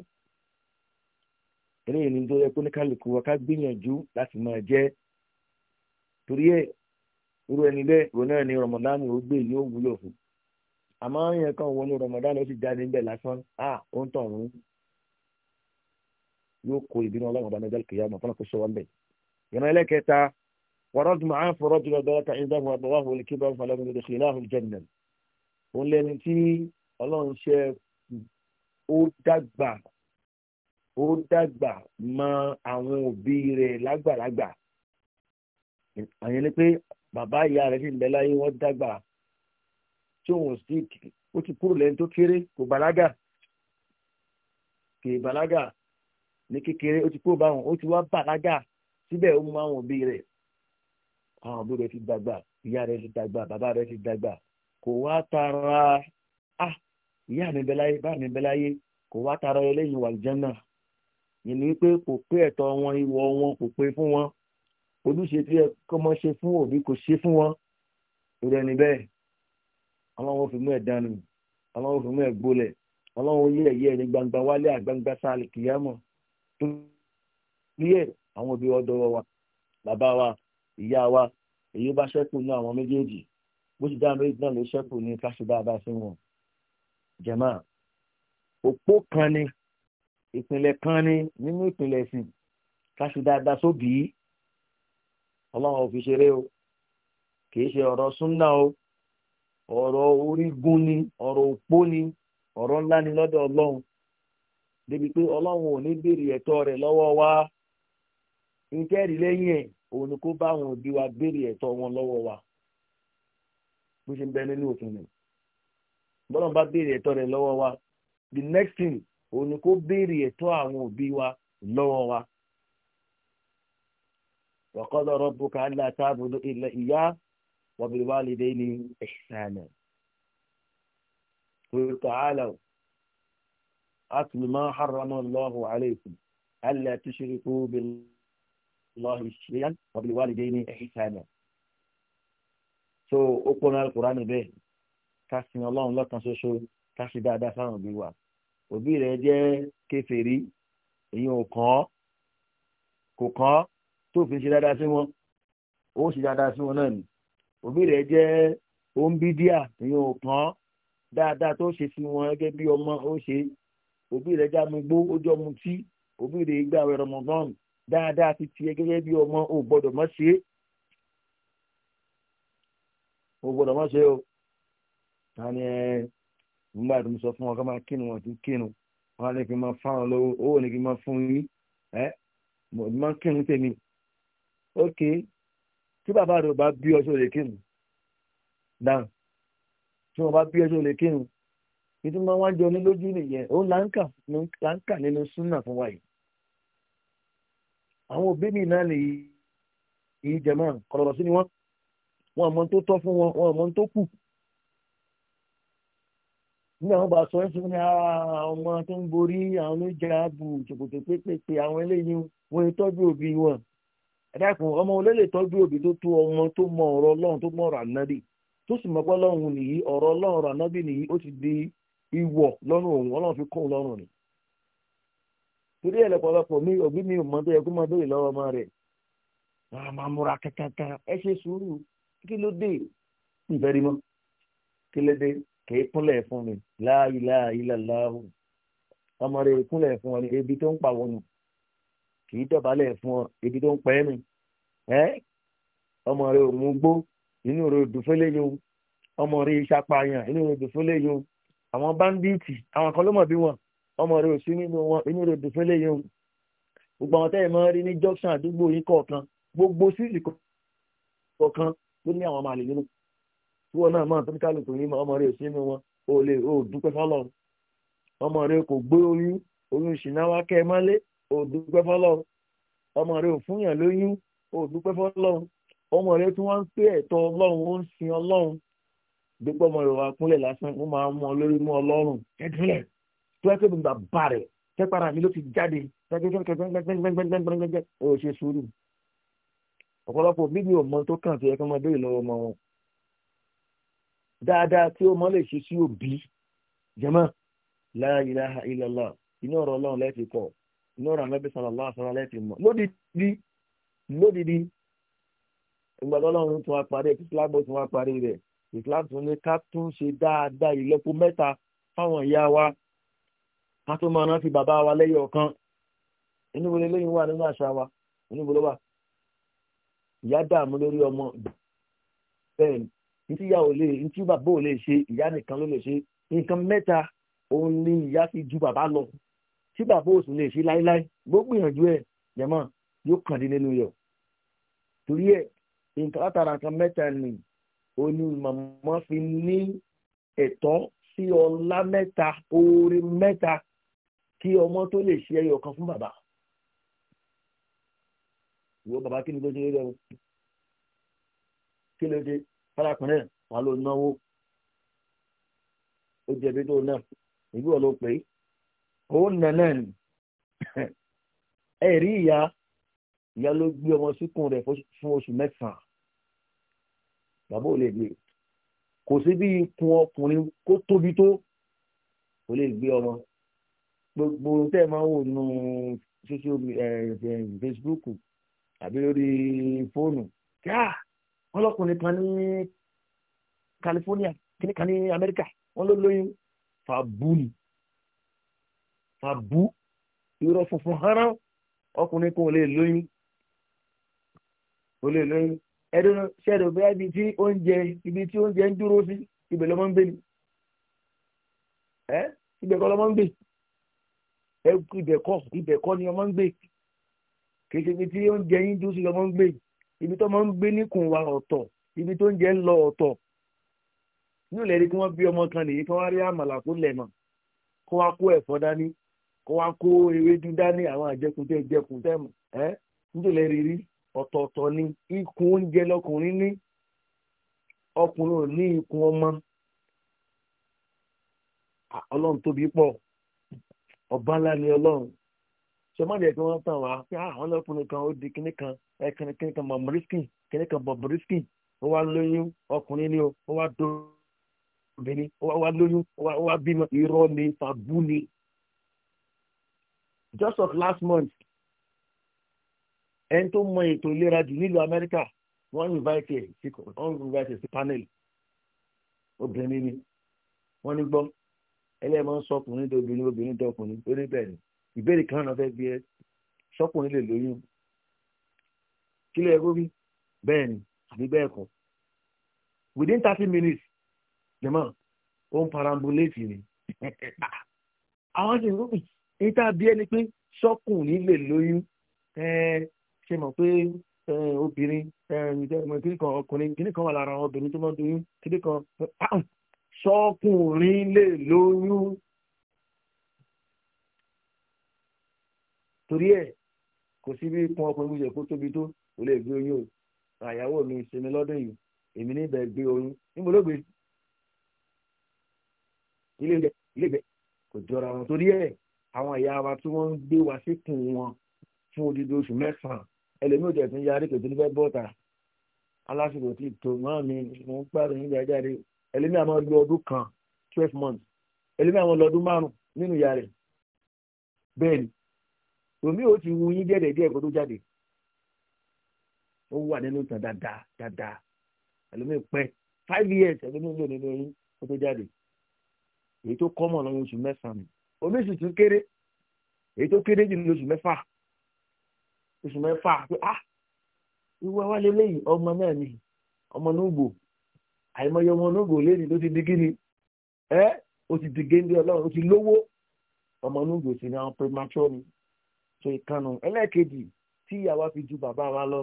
S1: eléyìí ni tó yẹ kó ní kálukú wa ká gbìyànjú láti máa jẹ́ torí ẹ̀ irú ẹni bẹ́ẹ̀ òun náà ni Ramadan ó gbé yóò wúlò fún àmọ́ yẹn kan wọnú Ramadan ó sì jáde níbẹ̀ lásán à ó ń tàn rún yóò kó ìbínú ọlọ́run ọba nàìjíríà kìí àmọ́ fọlọ́kùsọ wọn bẹ̀ ìran ẹlẹ́kẹta ورد معاه فرجل ذلك عنده أبواه الكبر فلم يدخلاه الجنة òun lẹni tí ọlọ́run ṣe ó dàgbà ó dàgbà mọ àwọn òbí rẹ̀ lágbàlagbà àyẹn ni pé bàbá ìyá rẹ̀ sì ń bẹ láyé wọ́n dàgbà tí òun sì ó ti kúrò lẹ́ni tó kéré kò bàlágà kì í bàlágà ní kékeré ó ti kúrò báwọn ó ti wá bàlágà síbẹ̀ ó mú àwọn òbí rẹ̀ àwọn òbí rẹ ti dàgbà ìyá rẹ ti dàgbà bàbá rẹ ti dàgbà kò wá tara a ah, ìyá mi bẹ́láyé bá mi bẹ́láyé kò wá tara ẹlẹ́yìn wàlìjánà yìí ni pé kò pé ẹ̀tọ́ wọn ìwọ wọn kò pé fún wọn ojúṣe tí ẹ kọ́mọ ṣe fún òbí kò ṣe fún wọn ìrẹ̀ níbẹ̀ ọlọ́run fi mú ẹ̀ dànù ọlọ́run fi mú ẹ̀ gbolẹ̀ ọlọ́run yẹ ẹ̀yẹ ní gbangba wálé àgbangba sáàlì kìyàmọ̀ tó yẹ àwọn òbí ọ̀dọ́ wa bàbá wa ìyá wa èyí bá ṣẹ́kù ní àwọn méjèèjì bó ti náà ló ṣẹ́kù ní káṣí dáadáa sí wọn. jẹ̀mọ́ òpó kan ni ìpìlẹ̀ kan ni nínú ìpìlẹ̀ ẹ̀sìn káṣí dáadáa sóbì í ọlọ́run o kìí ṣe ọ̀rọ̀ súnà o ọ̀rọ̀ orígun ni ọ̀rọ̀ òpó ni ọ̀rọ̀ ńlá ní ẹ̀tọ́ rẹ̀ lọ́wọ́ òun ni kó bá àwọn òbí wa béèrè ẹ̀tọ́ wọn lọ́wọ́ wa bó ṣe ń bẹ nínú òfin ni bọ́lá bá béèrè ẹ̀tọ́ rẹ̀ lọ́wọ́ wa the next thing òun ni kó béèrè ẹ̀tọ́ àwọn òbí wa lọ́wọ́ wa. wa qada rabbuka allā ta'budu illā iyyāhu wa bil walidayni ihsānā. قل تعالوا أتل ما حرم الله عليكم ألا تشركوا بالله الله شيئا وبالوالدين إحسانا so ó pọ́nà alukurani bẹ́ẹ̀ ká sin ọlọ́run lọ́kan ṣoṣo ká ṣe dáadáa sáwọn òbí wa òbí rẹ̀ jẹ́ kèfèrí èyí ò kàn án kò kàn án tó fi ṣe dáadáa sí wọn ó ṣe dáadáa sí wọn náà ni òbí rẹ̀ jẹ́ òǹbídíà èyí ò kàn án dáadáa tó ṣe sí wọn gẹ́gẹ́ bí ọmọ ó ṣe òbí rẹ̀ já mu ó jọ mu òbí rẹ̀ gbà rọmọgán dáadáa ti tiẹ̀ gẹ́gẹ́ bí ọmọ ò gbọ́dọ̀ mọ́ ṣe é ò gbọ́dọ̀ mọ́ ṣe o ta ni ẹ nígbà tó ń sọ fún wọn ká máa kínu wọn ti kínu wọn á ní kí n máa fáwọn lọ́wọ́ owó ní kí n máa fún yín ẹ mo máa kínu tèmi ok tí bàbá rẹ bá bí ọṣọ lè kínu dáhùn tí wọn bá bí ọṣọ lè kínu ìtumọ̀ wọn jọ ní lójú nìyẹn ó là ń kà nínú súnà fún wa yìí àwọn òbí mi náà lè yí jẹ̀mọ́ kọ̀rọ̀rọ̀ sí ni wọ́n wọn àmọ́ tó tọ́ fún wọn wọn àmọ́ tó kù nígbà wọn bá sọ ẹ́ sọ ní ah, ọmọ tó ń borí àwọn oníjà bù ṣòkòtò pépèpè àwọn eléyìí wọn ò tọ́jú òbí wọn ẹ̀dákun ọmọ olólè tọ́jú òbí tó tó ọmọ tó mọ ọ̀rọ̀ ọlọ́run tó mọ ọ̀rọ̀ ànábì tó sì mọ̀ pé nìyí ọ̀rọ̀ ọlọ́run ọ̀rọ̀ ànábì nìyí ó ti di ìwọ̀ lọ́rùn òun ọlọ́run fi kún un lọ́rùn ni torí ẹ̀ lọ́pọ̀lọpọ̀ mi òbí mi ò mọ tó yẹ kó máa béèrè lọ́wọ́ ọmọ rẹ̀ máa máa múra kankan ẹ ṣe sùúrù kí ló dé ìbẹ̀rẹ̀ mọ́ kí ló dé kì í kúnlẹ̀ fún mi láàyè láàyè làláhù ọmọ rẹ̀ kúnlẹ̀ fún ọ ní ebi tó ń pa wọn nù kì í dọ̀bálẹ̀ fún ọ ebi tó ń pẹ́ mi ẹ́ ọmọ rẹ̀ ò gbó inú rẹ̀ ò dùn ọmọ rẹ̀ ìṣàpàyàn inú rẹ̀ ò dùn àwọn báńdíìtì àwọn kan bí wọn ọmọ rẹ ò sí nínú wọn inú rẹ dùn fẹ́lẹ́ yẹn o gbogbo àwọn tẹ́yẹ̀ máa rí ní junction àdúgbò yín kọ̀ọ̀kan gbogbo síìsì kọ̀ọ̀kan ló ní àwọn màlẹ̀ nínú tí wọn náà máa tó ní kálukú yín ọmọ rẹ ò sí nínú wọn o lè o dúpẹ́ fọlọ́run ọmọ rẹ kò gbé oyún oyún ṣìnáwá kẹ́ ẹ mọ́lé o dúpẹ́ fọlọ́run ọmọ rẹ ò fúnyàn lóyún o dúpẹ́ fọlọ́run ọmọ rẹ tí wọ́n ń pè ẹ̀tọ́ ọlọ́run ó ń sin ọlọ́run gbogbo ọmọ rẹ wà kúnlẹ̀ lásán ó máa mú ọ lórí mú ọlọ́run kẹ́dúnlẹ̀ tó yẹ kó gbogbo àbá rẹ̀ tẹ́pàrà mi ló ti jáde gbẹ́gbẹ́gbẹ́gbẹ́gbẹ́gbẹ́gbẹ́ ó ṣe sùúrù ọ̀pọ̀lọpọ̀ bíbí ọmọ tó kàn tó yẹ kó máa béèrè lọ́wọ́ ọmọ wọn dáadáa la ilaha illallah iná ọ̀rọ̀ ọlọ́run lẹ́ẹ̀tì kọ̀ iná ọ̀rọ̀ wasallam lẹ́ẹ̀tì mọ̀ lódìdí lódìdí ìgbàlọ́ ọlọ́run tún wá parí ẹ̀ islam tún wá parí rẹ̀ islam tún ní ká tún ṣe dáadáa ìlọ́po ká tó máa rántí bàbá wa lẹ́yìn ọ̀kan inúbo lélẹ́yìn wà nínú àṣà wa inúbo ló wà ìyá dààmú lórí ọmọ bẹ́ẹ̀ ní tí ìyá ò lè ní tí bàbá ò lè ṣe ìyá nìkan ló lè ṣe nǹkan mẹ́ta òun ni ìyá fi ju bàbá lọ tí bàbá ò sì lè ṣe láéláé gbogbo ìyànjú ẹ̀ jẹ̀mọ́ yóò kàn dé nínú yọ̀ torí ẹ̀ nǹkan látara nǹkan mẹ́ta ni òní màmá fi ní ẹ̀tọ́ sí ọlá mẹ́ta oore mẹ́ta kí ọmọ tó lè ṣe ẹyọ kan fún bàbá ìwọ bàbá kí ni ló ṣe lórí ẹ̀wọ̀n kí ló ṣe fárakùnrin wà ló náwó ó jẹ̀bi tó náà ìbí wọn ló pè é òun nà náà ni ẹ rí ìyá ìyá ló gbé ọmọ síkùn rẹ̀ fún oṣù mẹ́sàn-án bàbá ò lè gbé kò sí bí ikùn ọkùnrin kó tóbi tó kò lè gbé ọmọ gbogbo tẹ́ ẹ máa ń wò nù social eh, eh, Facebook àbí lórí fóònù kíá wọn lọkùnrin kan ní California kíní kan ní Amẹ́ríkà wọn ló lóyún fàbú ni fàbú irọ́ funfun hánà ọkùnrin kan ò lè lóyún ò lè lóyún ẹdun ṣẹdọ bẹ́ẹ̀ ibi tí oúnjẹ ibi tí oúnjẹ ń dúró sí ibẹ̀ lọ́mọ ń gbé ni ẹ ibẹ̀ kọ́ lọ́mọ ń gbé ni. ibẹ̀ kọ́ ibẹ̀ kọ́ ni ọmọ ń gbé kéṣe ibi tí oúnjẹ yín dúró sí ọmọ ń gbé ibi tó ọmọ ń gbé níkùn wa ọ̀tọ̀ ibi tó oúnjẹ ń lọ ọ̀tọ̀ ní ìlẹ̀ rí kí wọ́n bí ọmọ kan nìyí kí wọ́n rí kó lẹ̀ mọ̀ kó kó ẹ̀fọ́ dání kó kó ni ikùn oúnjẹ lọkùnrin ní ọkùnrin ò ọmọ ọlọ́run ọba ńlá ni ọlọ́run ṣe má dẹ̀ kí wọ́n tàn wá pé ah, àwọn ọlọ́kùnrin kan ó di kíní kan ẹ̀kan kíní kan mọ̀mọ́rísìkì kíní kan bọ̀bọ̀rísìkì ó wá lóyún ọkùnrin ni ó wá dó obìnrin ó wá lóyún ó wá bímọ irọ́ ni tàbú ni just of last month ẹni tó mọ ètò ìlera jù nílùú amẹ́ríkà wọ́n invite ẹ̀ sí panel obìnrin ni wọ́n ní gbọ́ ẹlẹ́mọ̀ ń sọkùnrin tó obìnrin obìnrin tó ọkùnrin ó níbẹ̀ ni ìbéèrè kan náà fẹ́ bí ẹ sọkùnrin lè lóyún kí ló yẹ kó bẹ́ẹ̀ ni àbí bẹ́ẹ̀ kọ́ within thirty minutes jẹ̀mọ́ ó ń parambulate ni àwọn sì ń rúbì níta bí ẹni pé sọkùnrin lè lóyún ṣe mọ̀ pé obìnrin kìnnìkan ọkùnrin kìnnìkan wà lára obìnrin tó mọ́ doyún kìnnìkan ṣọ́kùnrin lè lóyún torí ẹ̀ kò sí bí kún ọkùnrin yẹ kó tóbi tó kò lè gbé oyún o àyàwó mi sinmi lọ́dún yìí èmi níbẹ̀ gbé oyún níbo ló gbé ilé ìgbẹ́ ilé ìgbẹ́ kò jọra wọn torí ẹ̀ àwọn ìyá wa tí wọ́n ń gbé wa síkùn wọn fún odidi oṣù mẹ́sàn-án ẹlẹ́mi òjò ẹ̀sìn yarí kò tó ní fẹ́ bọ́ta alásìkò tí tòun náà ni mò ń pàrọ̀ nígbà jáde ẹlẹ́mìí àwọn lọ ọdún kan twelve months ẹlẹ́mìí àwọn lọ ọdún márùn nínú ìyá rẹ̀ bẹ́ẹ̀ ni tòmí ò ti wu yín díẹ̀ díẹ̀ kó tó jáde ó wà nínú ìtàn dáadáa dáadáa ẹlẹ́mìí pẹ́ five years ẹlẹ́mìí lò nínú yín kó tó jáde èyí tó kọ́mọ̀ lọ́wọ́ oṣù mẹ́sàn-án omi sì tún kéré èyí tó kéré jù ní oṣù mẹ́fà oṣù mẹ́fà pé ah ìwọ wa lélẹ́yìn ọmọ náà ni ọmọ náà gbò àìmọye ọmọ onúgbò lẹ́ni ló ti di kíni ẹ́ ó ti di géńdé ọlọ́run ó ti lówó ọmọ onúgbò sì ni àwọn premature ni so ìkànnù ẹlẹ́ẹ̀kejì tí ìyá wa fi ju bàbá wa lọ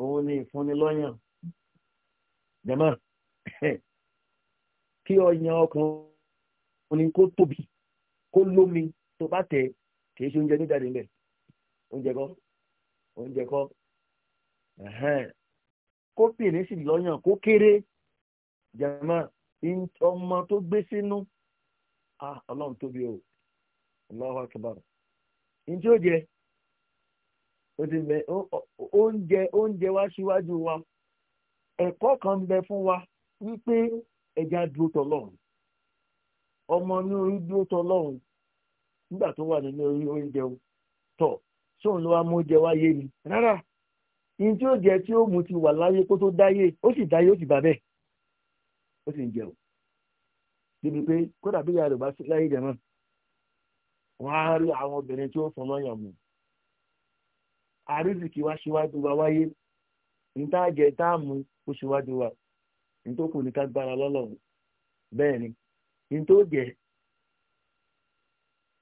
S1: òun ni ìfúnnilọ́yàn jẹ́mọ́ kí ọyàn ọkùnrin kó tóbi kó lómi tó bá tẹ̀ kì ṣe oúnjẹ nígbàdí oúnjẹ kọ́ oúnjẹ kọ́ kóbìnrin sì lọ́yàn kó kéré jẹ̀mọ́ ọmọ tó gbé sínú ah, ọlọ́run tóbi o Allahu akbar ní ó jẹ oúnjẹ oúnjẹ wa síwájú wa ẹ̀kọ́ kan ń bẹ fún wa wípé ẹja dúró tọlọ́run ọmọ ní orí dúró tọlọ́run nígbà tó wà nínú orí oúnjẹ tọ̀ sóun ló wá mú oúnjẹ ní tí ó jẹ tí ó mu ti wà láyé kó tó dáyé ó sì dáyé ó sì bá bẹ́ẹ̀ ó sì ń jẹun débi pé kódà bí yàrá láyé jẹmọ wọn á rí àwọn obìnrin tí ó fọ mu àrísìkì wá síwájú wa wáyé níta jẹ tá a mu ó síwájú wa nítòkù gbára ni jẹ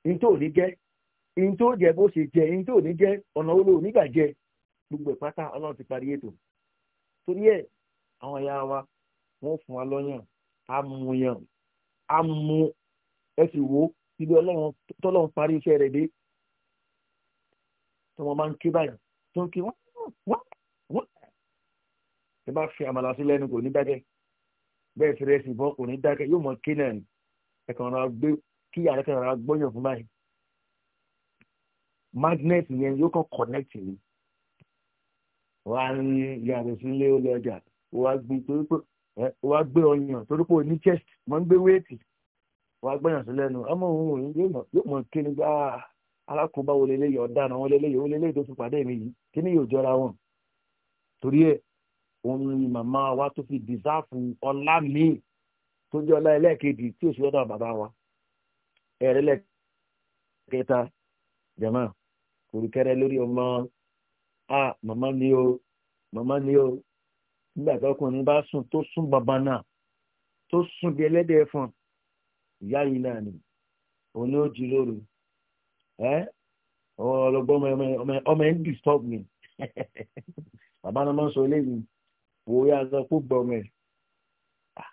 S1: ní jẹ jẹ bó ṣe jẹ gbogbo ìpátá ọlọ́run ti parí ètò torí ẹ̀ àwọn ìyá wa wọ́n fún wa lọ́yàn á mú yàn á mú ẹ sì wo ibi ọlọ́run tọ́lọ́run parí iṣẹ́ rẹ̀ dé tí wọ́n máa ń ké báyìí tó ń ké wá wá wá ẹ bá fi àmàlà sí lẹ́nu kò ní dákẹ́ bẹ́ẹ̀ fi rẹ̀ sì bọ́ kò ní dákẹ́ yóò mọ ké náà ni ẹ kàn ra gbé kí yàrá kan ra gbọ́yàn fún báyìí madness yẹn yóò kàn connect ni wà á rin yàrá sílé olè ọjà wà á gbin torí wà á gbé ọyàn torí pé chest mọ̀ ń gbé wéètì wà á gbẹ̀yàn sí lẹ́nu ọmọ òun yóò mọ̀ kí ni gbá alákòóbáwo lélẹ́yìí ọ̀daràn wọn lélẹ́yìí ó lélẹ́yìí tó fi pàdé mi yìí kí ni yóò jọra wọn torí ẹ̀ òun ni màmá wa tó fi dìsáàfù ọlá míì tó jẹ́ ọlá ẹlẹ́ẹ̀kejì tí òṣìṣẹ́ ọ̀dọ̀ bàbá wa ẹ̀rẹ́lẹ̀ kẹta jẹ̀mọ́ kòrìkẹrẹ lórí ọmọ a màmá ni o màmá ni o nígbà tí ọkùnrin bá sùn tó sùn bàbá náà tó sùn bí ẹlẹ́dẹ̀ẹ́ fún ìyá yìí náà ni òun ni ó jí lóru ẹ ọlọgbọ́n ọmọ ẹ̀ ń disturb mi bàbá náà máa ń sọ eléyìí wò ó yá sọ kó gbọ́ ọmọ ẹ̀ ah,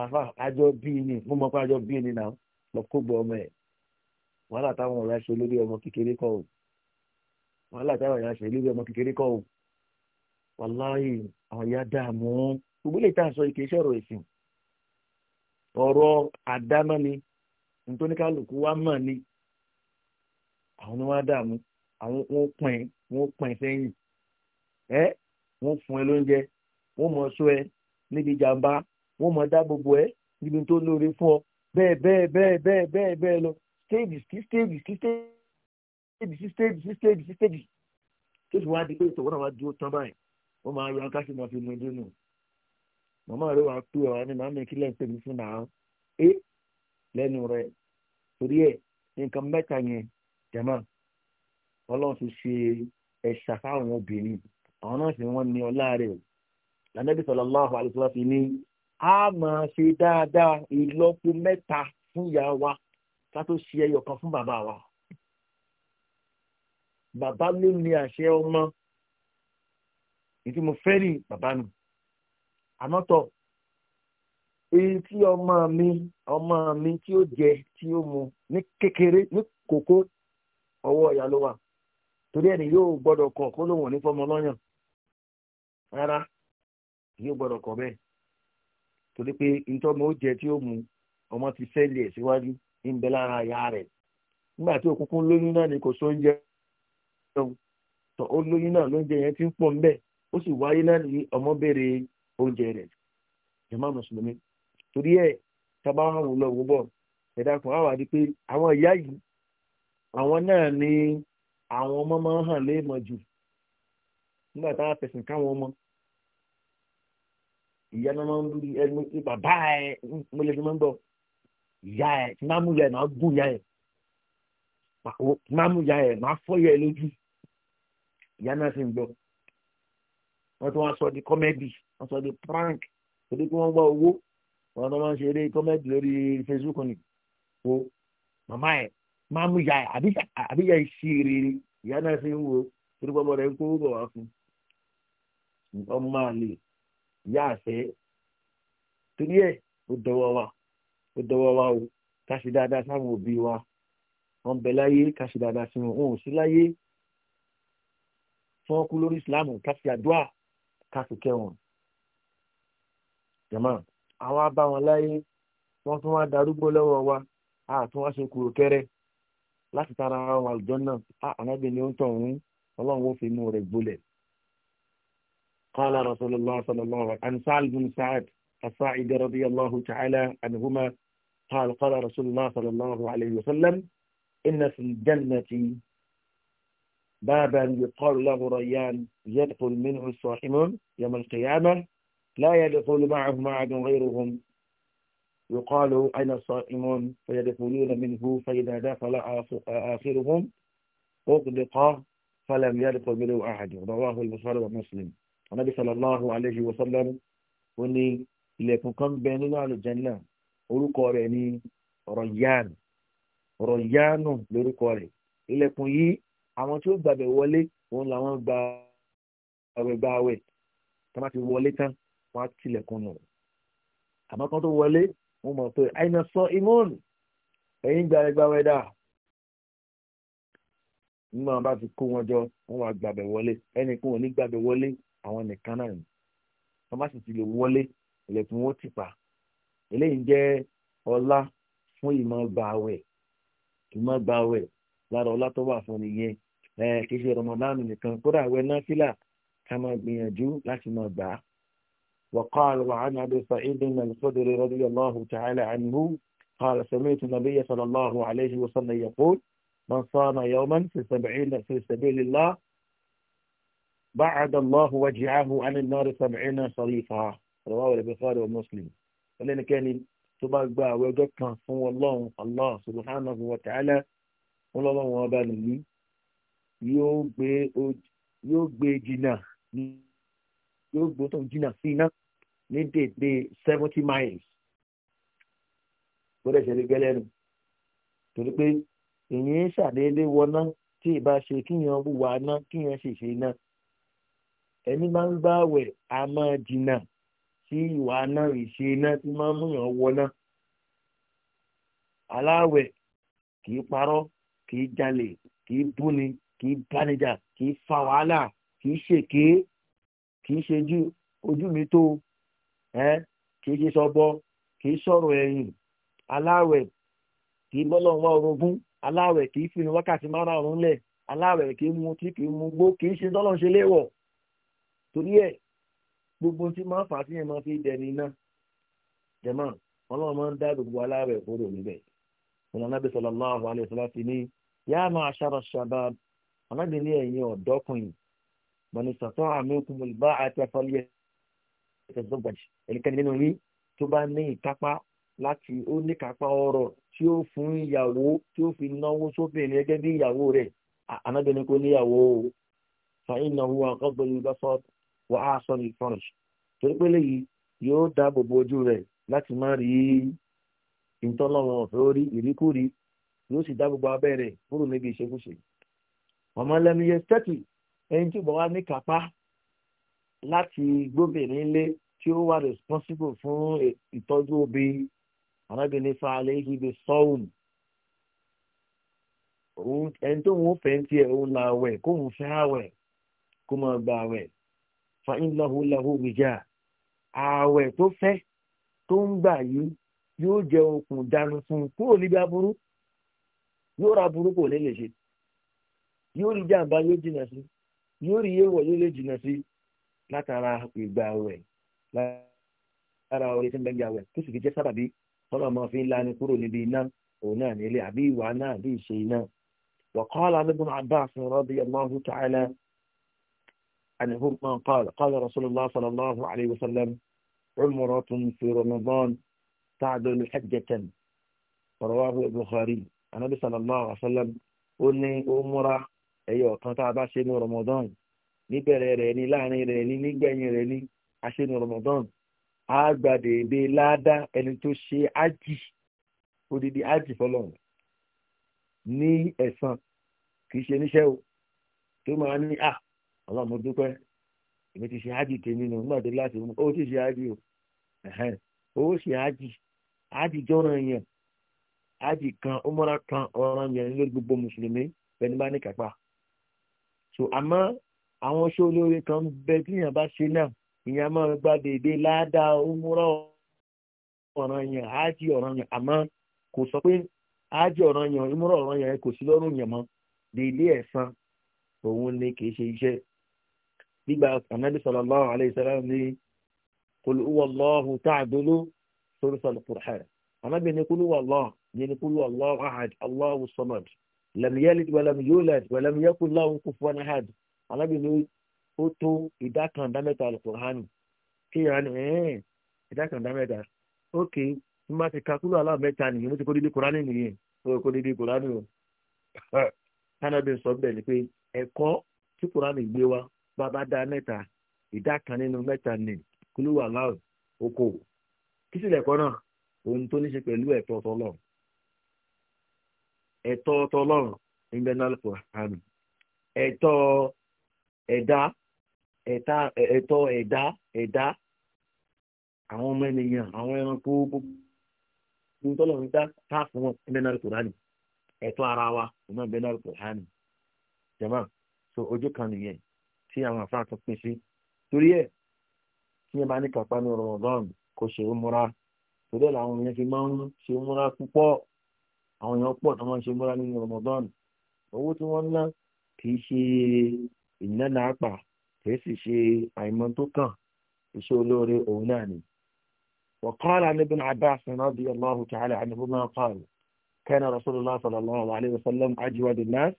S1: àfa àjọ bíi ni mo mọ pé àjọ bíi ni náà lọ kó gbọ́ ọmọ ẹ̀ wàhálà táwọn ọ̀rẹ́ ṣe lórí ọmọ kékeré kọ́ o wàhálà táwọn èèyàn ṣe lórí ọmọ kékeré kọ́ o wàláhì àwọn ìyá dààmú gbogbo lè tà sọ ike iṣẹ́ ọ̀rọ̀ ẹ̀sìn ọ̀rọ̀ àdámọ́ ni ntóníkàlùkù wa mọ̀ ni àwọn ni wọ́n á dààmú àwọn wọ́n pọ̀n wọ́n pọ̀n sẹ́yìn ẹ́ wọ́n fún ẹ lóúnjẹ wọ́n mọ̀ sọ ẹ níbi jàǹbá wọ́n mọ̀ dá gbogbo ẹ níbi tó lóore fún ọ bẹ́ẹ̀ bẹ́ẹ̀ bẹ́ẹ̀ bẹ́ẹ̀ bẹ́ẹ̀ lọ stéèjì sí stéèjì sí stéèjì stage sí stage sí stage sí stage tó sì wá di pé ìtọ̀wọ́ náà wá dúró tán báyìí wọ́n máa yọ akásí máa fi mu ẹjọ́ nù màmá rẹ wàá pé ọ̀rọ̀ ni màmá kí lẹ́yìn tẹ̀lé fún náà é lẹ́nu rẹ torí ẹ̀ nǹkan mẹ́ta yẹn jẹ̀mọ́ ọlọ́run ti ṣe ẹ̀ṣà fáwọn obìnrin àwọn náà sì wọ́n ní ọlá rẹ̀ lànàbí sallallahu alaihi wasallam ní a máa ṣe dáadáa ìlọ́po mẹ́ta fún ìyá wa ká tó ṣe ẹyọ kan fún bàbá wa bàbá ló ní àṣẹ ọmọ ètò mo fẹ́ ní bàbá mi àmọ́ èyí tí ọmọ mi ọmọ mi tí ó jẹ tí ó mu ní kékeré ní kókó ọwọ́ ìyá ló wà torí ẹni yóò gbọ́dọ̀ kọ̀ kó lóun ò ní fọmọ lọ́yàn rárá yóò gbọ́dọ̀ kọ̀ bẹ́ẹ̀ torí pé ntọ́mọ ó jẹ tí ó mu ọmọ ti fẹ́ lè e síwájú ń bẹ lára ìyá rẹ̀ nígbà tí òkùnkùn lóyún náà ni kò sóúnjẹ sọ́wọ́ tọ́ ó lóyún náà lóúnjẹ yẹn ti ń pọ̀ ńbẹ̀ ó sì wáyé náà ní ọmọ béèrè oúnjẹ rẹ̀ mùsùlùmí torí ẹ̀ tábà wọn lọ wò bọ̀ ẹ̀dá kan á wà di pé àwọn ìyá yìí àwọn náà ni àwọn ọmọ máa ń hàn léèmọ̀ jù nígbà táwọn fẹ̀sìn káwọn ọmọ ìyá náà sì ń gbọ́ wọ́n tún wá sọ di kọ́mẹ́dì wọ́n sọ di prank torí pé wọ́n gbọ́ owó wọ́n tó máa ń ṣeré kọ́mẹ́dì lórí Facebook ni o màmá ẹ̀ máa mú ìyá ẹ̀ àbíyá ìṣe rere ìyá náà sì ń wo torí pé ọmọ rẹ̀ ń kó bọ̀ wá fún ọmọ àlè ìyá àṣẹ torí ẹ̀ ó dọwọ́ wa ó dọwọ́ wa o ká ṣe dáadáa sáwọn òbí wa wọ́n bẹ láyé ká ṣe sí wọn wọn ò sí láyé fún ọkú lórí islam káfí àdúrà káfí kẹwọn jama àwọn abá wọn láyé wọn tún wá darúgbó lọ́wọ́ wa àtún wá ṣe kúrò kẹrẹ láti tara àwọn àlùjọ náà ànábì ni ó ń tọ̀ ọ̀hún ọlọ́run ó fi mú rẹ̀ gbolẹ̀. قال رسول الله صلى الله عليه وسلم عن سعد بن سعد الصاعد رضي الله تعالى عنهما قال قال رسول الله صلى الله عليه وسلم إن في الجنة بابا يقال له ريان يدخل منه الصائمون يوم القيامة لا يدخل معهم أحد غيرهم يقال أين الصائمون فيدخلون منه فإذا دخل آخرهم أغلق فلم يدخل منه أحد رواه البخاري ومسلم النبي صلى الله عليه وسلم وني ilẹ̀kùn kan bẹ nínú àlùjẹ́nà orúkọ rẹ̀ ní rọ̀yán rọ̀yánù àwọn tí ó gbàbẹ̀ wọlé òun làwọn gba àwẹ̀ gba àwẹ̀ tó bá ti wọlé tán wọ́n á tilẹ̀kùn nù àmọ́ kan tó wọlé wọ́n mọ̀ pé àìnà sọ imọ́ọ̀nù ẹ̀yìn gbàrẹ̀ gbàwẹ̀ dà nígbà wọn bá ti kó wọn jọ wọn wà gbàbẹ̀ wọlé ẹnì kún òní gbàbẹ̀ wọlé àwọn nìkan náà ni wọn bá sì ti lè wọlé ilẹ̀kùn wọn ti pa eléyìí jẹ́ ọlá fún ìmọ̀ gbàwẹ̀ ìmọ̀ gbàwẹ̀ lára ọlá tó wà fún nìyẹn kì í ṣe rọmọdánù nìkan kódà àwẹ̀ náfìlà ká máa gbìyànjú láti máa gbà á. وقال وعن أبي سعيد الخدري رضي الله تعالى عنه قال سمعت النبي صلى الله عليه وسلم يقول من صام يوما في سبعين في سبيل الله بعد الله وجعه عن النار سبعين صريفا رواه البخاري ومسلم ولأن كان تبقى وجدك الله الله سبحانه وتعالى والله وبالي yóò gbé yóò gbé jìnnà yóò gbé tó jìnnà sí iná ní dèdè seventy miles ó dẹ̀ ṣẹlẹ̀ gẹ́lẹ́ nu torí pé ìyẹn ṣàdédé wọná tí ìbá ṣe kíyan wà ná kíyan ṣèṣe náà ẹni máa ń bá wẹ̀ a máa jìnnà sí ìwà náà ìṣe náà tí máa ń múyàn wọná aláwẹ̀ kì í parọ́ kì í jalè kì í búni kì í bánijà kì í fa wàhálà kì í ṣèké kì í ṣejú ojú mi tó ẹ kì í ṣe sọbọ kì í sọ̀rọ̀ ẹ̀yìn aláwẹ̀ kì í bọ́lọ̀ wá orogún aláwẹ̀ kì í finu wákàtí márùn-ún lẹ̀ aláwẹ̀ kì í mu tí kì í mu gbó kì í ṣe tọ́lọ̀ ṣe léwọ̀ torí ẹ̀ gbogbo tí máa fà á sí yẹn máa fi dẹni iná jẹ̀mọ́ ọlọ́run máa ń dá gbogbo aláwẹ̀ kúrò níbẹ̀ ọ̀nà nàbẹ̀sọ̀lọ́lá àwọn àlẹ́ ìṣọ́lá ti ní yá máa ṣàrọ̀ ṣàbàbà anábìíní ẹ̀yin ọ̀dọ́kùnrin mọ̀nìsọ̀tọ́ àmì okùnrin bá àti afọlẹ́ ẹ̀sọ́gbàjì ẹnikẹ́ni nínú yín tó bá ní ìkápá láti ó ní kápá ọ̀rọ̀ tí ó fún ìyàwó tí ó fi náwó sóbìnrin gẹ́gẹ́ bí ìyàwó rẹ̀ anábìíní kò níyàwó fàyínà hu àkọ́gbọ̀ yorùbá sọ wà á sọ ní french torí pé léyìí yóò dáàbò bo ojú rẹ̀ láti má rí ìtọ́lọ́wọ̀n ọ̀fẹ́ orí ìríkúrí yóò sì dáàbò bo abẹ́rẹ́ kúrò níbi ìṣekúṣe ọmọ lẹ́nu yẹ tẹ́tì ẹni tí bọ̀ wá ní kápá láti gbóbìnrin lé tí ó wà responsible fún ìtọ́jú òbí arábìnrin fa aléhi bi sọ́ọ̀n ẹni tó ń fẹ́ ń tiẹ̀ òun la wẹ̀ kó ń fẹ́ àwẹ̀ kó máa gba àwẹ̀ fa ìnáwó làwọn òmìjà àwẹ̀ tó fẹ́ tó ń gbà yìí yóò jẹ okùn dànù fún un kúrò níbi aburú yóò ra burú kò ní lè ṣe yóò rí jàǹbá yóò jìnà sí yóò rí yéwọ yóò lè jìnà sí látara ìgbà rẹ̀ látara orí tí ń bẹ́ẹ̀ àwẹ̀ tó sì fi jẹ́ sábàbí tọ́lá ọmọ fi ń lani kúrò níbi iná òun náà nílé àbí ìwà náà àbí ìṣe iná. وقال ابن عباس رضي الله تعالى عنهما قال قال رسول الله صلى الله عليه وسلم عمرة في رمضان تعدل حجة رواه البخاري النبي صلى الله عليه وسلم ó ní ó ẹyọ ọ̀kan tá a bá ṣe ní Ramadan níbẹ̀rẹ̀ rẹ̀ ni láàrin rẹ̀ ni nígbẹ̀yìn rẹ̀ ni a ṣe ní Ramadan a gba dèédé láàdá ẹni tó ṣe ájì odidi ájì fọlọ́run ní ẹ̀san kì í ṣe níṣẹ́ o tó máa ní à ọlọ́run mo dúpẹ́ èmi ti ṣe ájì tèmi nù nígbà tó láti mú ó ti ṣe ájì o ó ṣe ájì ájì jọ́ràn yẹn ájì kan ó mọ́ra kan ọ̀ràn yẹn lórí gbogbo mùsùlùmí bẹ́ẹ̀ bá ní kápá so àmọ́ àwọn oṣù olóore kan bẹ tí èèyàn bá ṣe náà ìyẹn máa gba dèdè ládàá òmùrọ̀ ọ̀ràn yẹn ájì ọ̀ràn yẹn àmọ́ kò sọ pé ájì ọ̀ràn yẹn òmùrọ̀ ọ̀ràn yẹn kò sí lọ́rùn yẹn mọ́ dèdè òun ni kì í ṣe lẹ́mi yẹ́lẹ́dì wẹ́lẹ́mi yóò lẹ́dì wẹ́lẹ́mi yẹ́kù lọ́hùn kú fún ọ́nà hàd alábìnrin ó tó ìdá kan dá mẹ́ta alukur'ani kéèyàn ni ẹ̀ẹ́n ìdá kan dá mẹ́ta ok tí wọ́n ti kakúlù aláàmẹ́ta nìyẹn mo ti kó dídí kur'ani nìyẹn ó kó dídí kur'ani o kánábì sọ bẹ́ẹ̀ ni pé ẹ̀kọ́ tí kur'ani gbé wa bàbá dá mẹ́ta ìdá kan nínú mẹ́ta ni kúlù aláàmẹ́ oko kí sì lẹ̀kọ́ náà ohun tó ní ẹ̀tọ́ tọlọ́run internal quran ẹ̀tọ́ ẹ̀dá ẹ̀tọ́ ẹ̀dá ẹ̀dá àwọn ọmọ ènìyàn àwọn ẹranko gbogbo tọlọ́run dá tá fún wọn internal quran ẹ̀tọ́ ara wa ọmọ internal quran jama so ojú kan nìyẹn tí àwọn àfáà tó pín sí torí ẹ̀ tí ẹ bá ní kápá ní Ramadan kó ṣe ó múra torí ẹ̀ làwọn èèyàn fi máa ń ṣe ó múra púpọ̀. àwọn èèyàn pọ̀ tó máa ń ṣe múra nínú Ramadan owó tí wọ́n ná kì í ṣe ìnáná àpà kì í sì ṣe àìmọ́ tó kàn iṣẹ́ olóore òun náà ni. وقال عن ابن عباس رضي الله تعالى عنهما قال كان رسول الله صلى الله عليه وسلم أجود الناس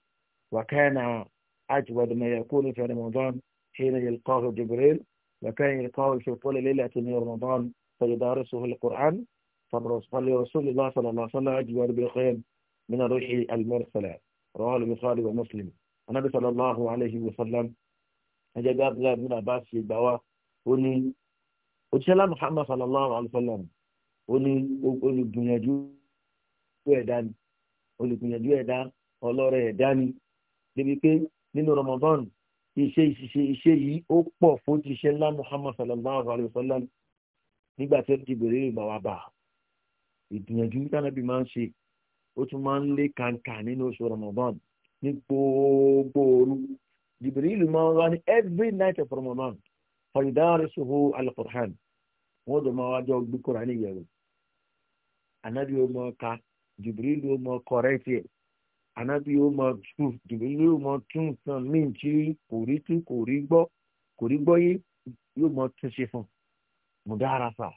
S1: وكان أجود ما يكون في رمضان حين يلقاه جبريل وكان يلقاه في كل ليلة من رمضان فيدارسه القرآن فلرسول الله صلى الله عليه وسلم أجود بالخير من الروح المرسلة رواه البخاري ومسلم النبي صلى الله عليه وسلم أجاب عبد الله بن عباس في الدواء وني وشلا محمد صلى الله عليه وسلم وني olùgbìyànjú ẹ̀dá ni olùgbìyànjú ẹ̀dá ọlọ́rẹ̀ ẹ̀dá ni débi pé nínú Ramadan iṣẹ́ ìṣiṣẹ́ iṣẹ́ yìí ó pọ̀ fún ti iṣẹ́ ńlá Muhammad sallallahu alayhi wa sallam nígbà tí ó ti bèrè ìgbà wa bá a ìgbìyànjú tánàbí máa ń ṣe ó tún máa ń lé kàǹkà nínú oṣù Ramadan ní gbogbo òru Jibril máa ń wá ní every night of Ramadan fọlìdáàrí ṣòwò al-Qur'an wọn jọ máa wájọ gbé Kùránì yẹ̀wò anabi ó mọ ká Jibril ó mọ kọrẹ́tì ẹ̀ anabi ó mọ tù Jibril ó mọ tún san míì tí kò rí tí kò rí gbọ́ kò rí gbọ́ yé yóò mọ túnṣe fún mudarasa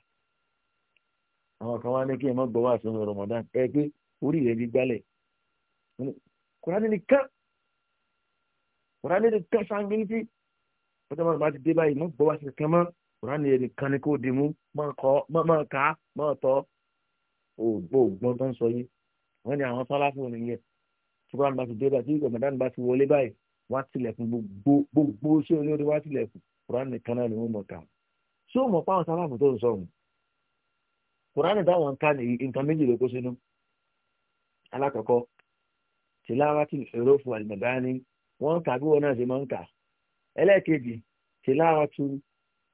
S1: àwọn kan wá ní kí ẹ má gbọ́ wá sínú Ramadan ẹ pé orí rẹ bí gbálẹ̀ kùránì nìkan kùránì nìkan sangiliti pẹ̀lú àwọn àti dé báyìí má gbọ́ wá sí kankan mọ́ kùránì yẹn nìkan ni kò dì mú má kà á má tọ́ ògbọ́n tó ń sọ yìí wọ́n ní àwọn sálá fún nìyẹn kùránì bá ti dé báyìí tí Ramadan bá ti wọlé báyìí wá tilẹ̀kùn gbogbo ṣé olórí wá tilẹ̀kùn kùránì nìkan náà ni wọ́n mọ̀ kà So, ṣé o mọ̀ pé àwọn sálá fún tó ń sọ̀rọ̀ kùránì táwọn ń ká nǹkan méjì ló kó sínú alákọ̀ọ́kọ́ tìláwátì ìrófù àlùmọ̀dání wọ́n ń kà bí wọn náà ṣe máa ń kà ẹlẹ́ẹ̀kejì tìláwátù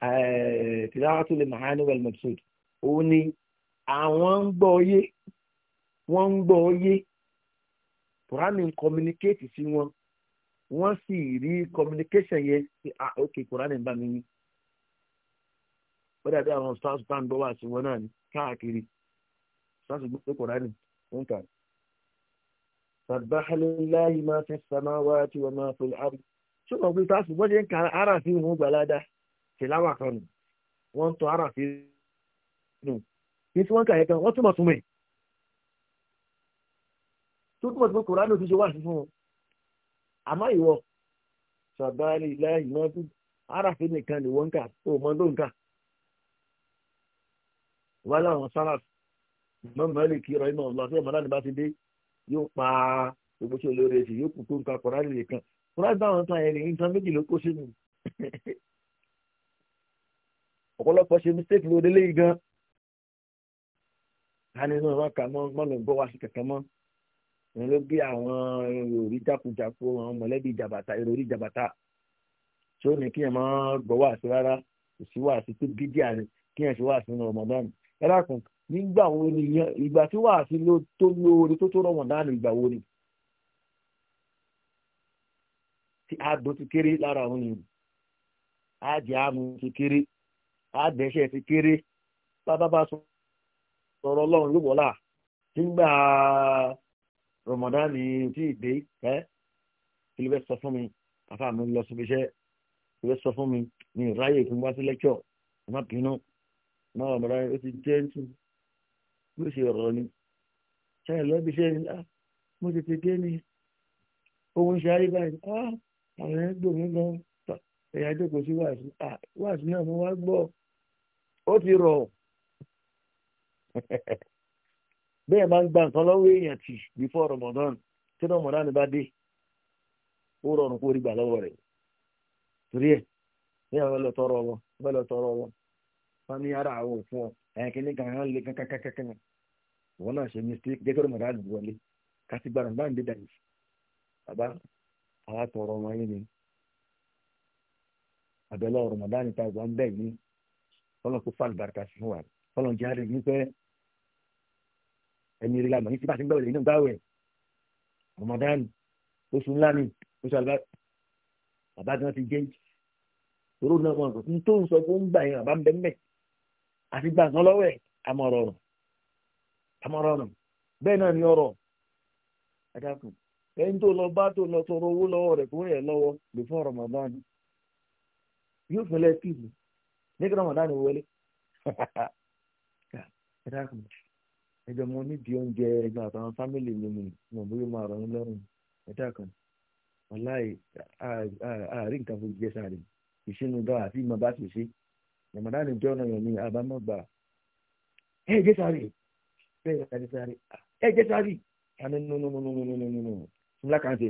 S1: eh, tìláwátù lè màhání wẹlmọ̀tìsọ̀d òun ni àwọn ń gbọ́ yé wọ́n ń gbọ́ yé kùránì ń communicate sí wọn wọ́n sì rí communication yẹn ah ok kùránì ń bá mi yín ó dàbí àwọn stars band bọ́ wá sí wọn náà ní káàkiri stars gbé kùránì ń kà. sàbáhálí láyé máa fi sàmá wá tí wọ́n máa fi àbí. ṣùgbọ́n pé stars bọ́jú ń ka ara sí ìhun gbàládà tìláwà kan nù wọ́n ń tọ́ ara sí nù kí tí wọ́n kà yẹ kan wọ́n túmọ̀ túmọ̀ tó túmọ̀ túmọ̀ kùránì òfin ṣe wà sí fún wọn àmọ́ ìwọ sàbáhálí láyé máa fi ara sí nìkan ni wọ́n ń kà wọ́n láwọn sáràf Imam Maliki rahimah Allah tí ọmọdé àdìbá ti dé yóò pa gbogbo tí olóore ti yóò kú tó nǹkan kọ̀ọ̀rọ̀ lè kàn kọ̀ọ̀rọ̀ táwọn tó àyẹ̀lẹ̀ nǹkan méjì ló kó sínú ọ̀pọ̀lọpọ̀ ṣe mistake ló délé yìí gan hánì náà wọn kà mọ́ mọ́ ló ń gbọ́ wá sí kẹ̀kẹ́ mọ́ wọn ló gbé àwọn ìròrí jákujàku àwọn mọ̀lẹ́bí jàbàtà ìròrí jàbàtà tí ó ní kí ẹ̀ mọ́ gbọ́ wá sí rárá kò sí wá sí tó gídí àná kí ẹ̀ sì wá sínú Ramadan ẹ dákun nígbà wo ni ìgbà tí wàá sí ló tó lóore tó tó rọmọ dáàlú ìgbà wo ni tí àdó ti kéré lára àwọn èèyàn àjẹ àmú ti kéré àdẹsẹ ti kéré bàbá bá sọ ọ̀rọ̀ Ọlọ́run ló wọlá nígbà rọmọdánì tí ìdè ẹ kí sọ fún mi àfa mi lọ síbi iṣẹ́ kí sọ fún mi ní ìráyè kí sí lẹ́kọ̀ọ́ ẹ bínú máa mọ̀ra ó ti jẹ́ńtù bí ó ṣe ọ̀rọ̀ ni ṣáà lọ́bí iṣẹ́ ni ah, mo ti ti dé ni ohun ṣe ayé báyìí ah, àwọn ẹ̀ gbòmí gan ẹ̀yà jókòó sí wàásù ah, wàásù náà mo wá gbọ́ ó ti rọ̀ bẹ́ẹ̀ máa ń gba nǹkan lọ́wọ́ èèyàn tì before Ramadan tí Ramadan bá dé ó rọrùn kó rí gbà lọ́wọ́ rẹ̀ torí ẹ̀ ní àwọn ọlọ́tọ̀ọ̀rọ̀ ọmọ ọlọ́tọ̀ọ̀rọ̀ wọn ní ara àwọn òfin ọ ẹyìn kìíní kankan lé kankan kankan wọn náà ṣe mistake jẹ́ kẹ́rọ màdá lù wọlé kásì gbàrà bá ń dé dàní bàbá àwa wọn yín ni àbẹ̀lẹ̀ ọ̀rọ̀ màdá níta wà ń bẹ̀ yín fọlọ́n kó fáàlì bàrẹ̀kà sí wa fọlọ́n jẹ́ àrẹ̀ yín pẹ́ ẹni rí lamọ̀ yín tí bá ti ń gbàwẹ̀ nínú gbàwẹ̀ ọmọdánù oṣù ńlá ni oṣù àlùbá bàbá tí ti jẹ́ ìṣòro náà wọn kò tó ń sọ fún gbà yẹn àbá ń bẹ́ mẹ́ẹ̀ àti gbà nǹkan lọ́wọ́ ẹ̀ àmọ̀rọ̀rùn àmọ̀rọ̀rùn bẹ́ẹ̀ náà ni ọ̀rọ̀ àdàkùn ẹni tó lọ bá tó lọ tọrọ owó lọ́wọ́ rẹ̀ fún ẹ̀ lọ́wọ́ lè fún Ramadan yóò fún lẹ́ kí ní kí Ramadan wọlé àdàkùn ẹjọ́ mo nídìí oúnjẹ ẹgbẹ́ àtàwọn fámìlì mi mi mo bóyá máa rọ̀ ń lọ́rùn àdàkùn wàláì àárín nǹkan fún jíjẹ sáré ìṣínú dáa àti ìmọ̀ bá ti ṣe ramadan jọ náà yẹn ni àbámọ̀ gbà ẹ jẹ́ sáré bẹ́ẹ̀ ẹ jẹ́ sáré ẹ jẹ́ sáré àní nùnùnùnùnùnùnùnù ńlá kan ṣe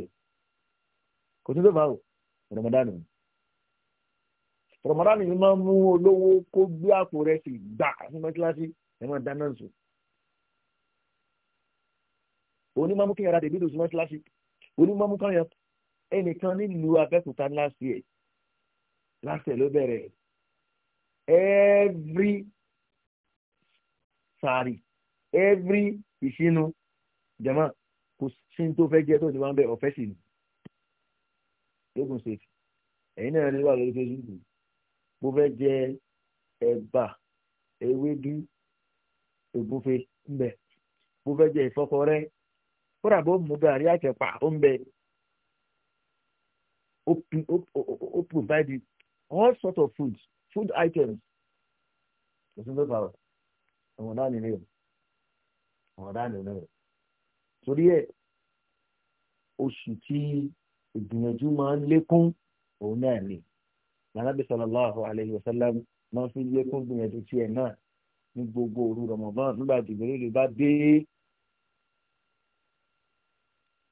S1: kò tún tó bá o ramadan ramadan yìí máa mú olówó kó gbé àpò rẹ̀ sí gbà fún mẹ́tíláṣí ẹ máa dáná sùn òní máa mú kí yàrá dèbí lòsùn mọ́tíláṣí òní máa mú káyọ̀ ẹnìkan nílùú abẹ́kúta ńlá sí ẹ̀ lásẹ̀ ló bẹ̀rẹ̀ ẹ̀. every sari every ìṣínú jama kò sí tó fẹ́ jẹ́ tó ní wọn bẹ ọ̀fẹ́ sí ni lókun ṣèkì ẹ̀yin náà ní wà lórí facebook mo fẹ́ jẹ ẹ̀bà ewédú ògúnfe ńbẹ mo fẹ́ jẹ ìfọkọrẹ kódà bó mú gàrí àtẹ̀pà ó ń bẹ all sorts of foods food items kò sí power. o àwọn ọ̀dà nílé o àwọn ọ̀dà nílé o torí ẹ̀ oṣù tí ìgbìyànjú máa ń lékún òun náà ni nàlábì sallallahu alayhi wa sallam máa fi lékún gbìyànjú tiẹ̀ náà ní gbogbo òru Ramadan nígbà dìbèrè lè bá dé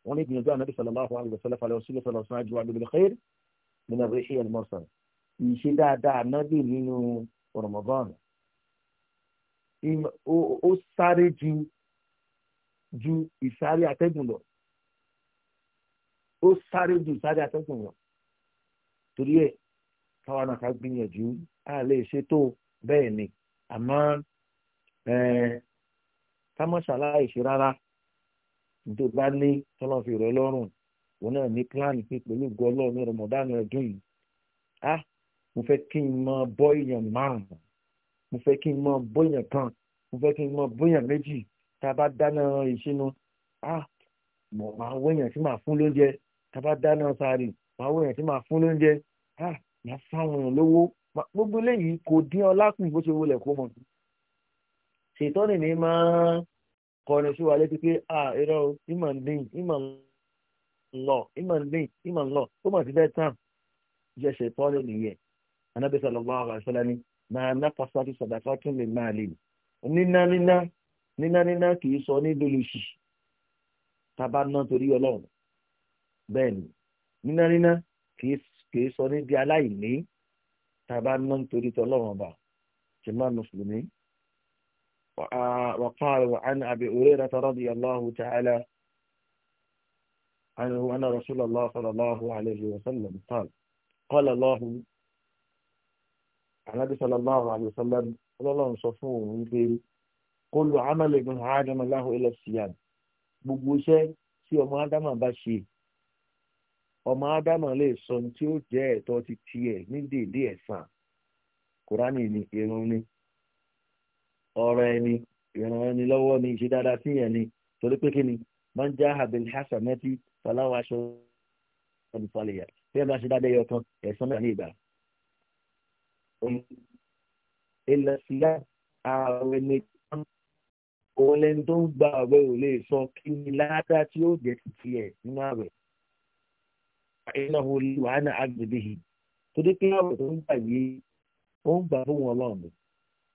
S1: wọn ní gbìyànjú ànábì sallallahu alayhi wa sallam falẹ ọsùn lọsọlọsọ àjùwà lóbi lọkẹyìn nínú àbúrò ìṣẹyẹ ni mọ sọ̀rọ̀. ìṣe dáadáa ànábì nínú Ramadan ó sáré ju ju ìsáré atẹ́gùn lọ ó sáré ju ìsáré atẹ́gùn lọ torí ẹ̀ káwa náà ká gbìyànjú á lè ṣètò bẹ́ẹ̀ ni àmọ́ rárá bá ní tọ́lọ́ fi rẹ̀ lọ́rùn òun náà ní plan pé ní yìí ah, mo fẹ́ kí n mọ bọ́ èèyàn márùn-ún mo fẹ́ kí n mọ bọ́ kan mo fẹ́ kí n mọ bọ́ méjì tá dáná ìṣínú ah mo máa wọ èèyàn tí màá fún lóúnjẹ tá a bá dáná sáré màá wọ tí màá fún lóúnjẹ ah màá fáwọn èèyàn lówó gbogbo eléyìí kò dín ọlá kù bó ṣe wọlé kó mọ ṣètọ́nì ni máa kọrin sí wa létí pé ah irọ́ ìmọ̀ ń dín ìmọ̀ ń lọ ìmọ̀ ń dín ìmọ̀ ń lọ ó mọ̀ sí bẹ́ẹ̀ tán jẹ́ ṣètọ́nì nìyẹn anábì sallallahu alaihi wasallam ni máa ná pàṣẹ sọ̀dàkọ́ tún lè máa lè níná níná níná níná kì í sọ ní lóluṣì tábà ná torí ọlọ́run bẹ́ẹ̀ ni níná níná kì sọ ní di aláìní tábà ná torí tọ́lọ́run ọba jàmáà mùsùlùmí. وقال وعن أبي هريرة رضي الله تعالى عنه أن رسول الله صلى الله عليه وسلم قال قال الله anabi sallallahu alayhi wa sallam ọlọ́run sọ fún òun wípé kó lu amálẹ̀ ibn adam aláhùn ilẹ̀ siyan gbogbo iṣẹ́ tí ọmọ ádámà bá ṣe ọmọ ádámà lè sọ tí ó jẹ́ ẹ̀tọ́ ti tiẹ̀ ní dèédé ẹ̀sán kúránì ni irun ni ọ̀rọ̀ ẹni ìran ẹni lọ́wọ́ ni ìṣe dáadáa sí yẹn ni torí pé kí ni máa ń já abil hasanati faláwa aṣọ ọdún falẹ̀yà bí ẹ bá ṣe dáadáa yọ kan ẹ̀sán náà ní ìgbà ilẹ̀ síyá ààrẹ nìkan òun lẹni tó ń gba ààrẹ ò lè sọ kí ni ládàá tí ó jẹ́ títí ẹ̀ nínú ààrẹ iná wo lè wà ní agbègbè yìí tó dé pé ààrẹ tó ń gbà yìí ó ń gbà fún ọlọ́run ni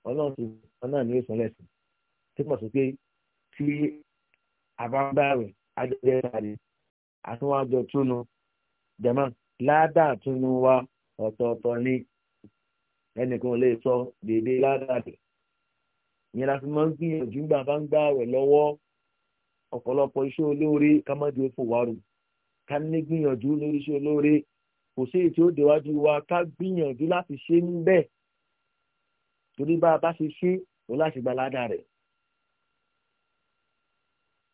S1: ọlọ́run ti wọn náà ní ìsọ̀lẹ̀ sí tí mo sọ pé tí àbámbá rẹ̀ adẹ́rẹ́ rẹ̀ àtúwájọ túnú jẹ̀mọ́ ládàá túnú wa ọ̀tọ̀ọ̀tọ̀ ni ẹnìkan lè sọ déédéé ládàdì ìyẹn la fi máa ń gbìyànjú gbà bá ń gbà rẹ̀ lọ́wọ́ ọ̀pọ̀lọpọ̀ iṣẹ́ olóore ká má dúró fò wárò ká ní gbìyànjú lórí iṣẹ́ olóore kò sí èyí tí ó wa ká gbìyànjú láti ṣe ń bẹ́ẹ̀ torí bá a bá ṣe ṣe o láti gba ládàá rẹ̀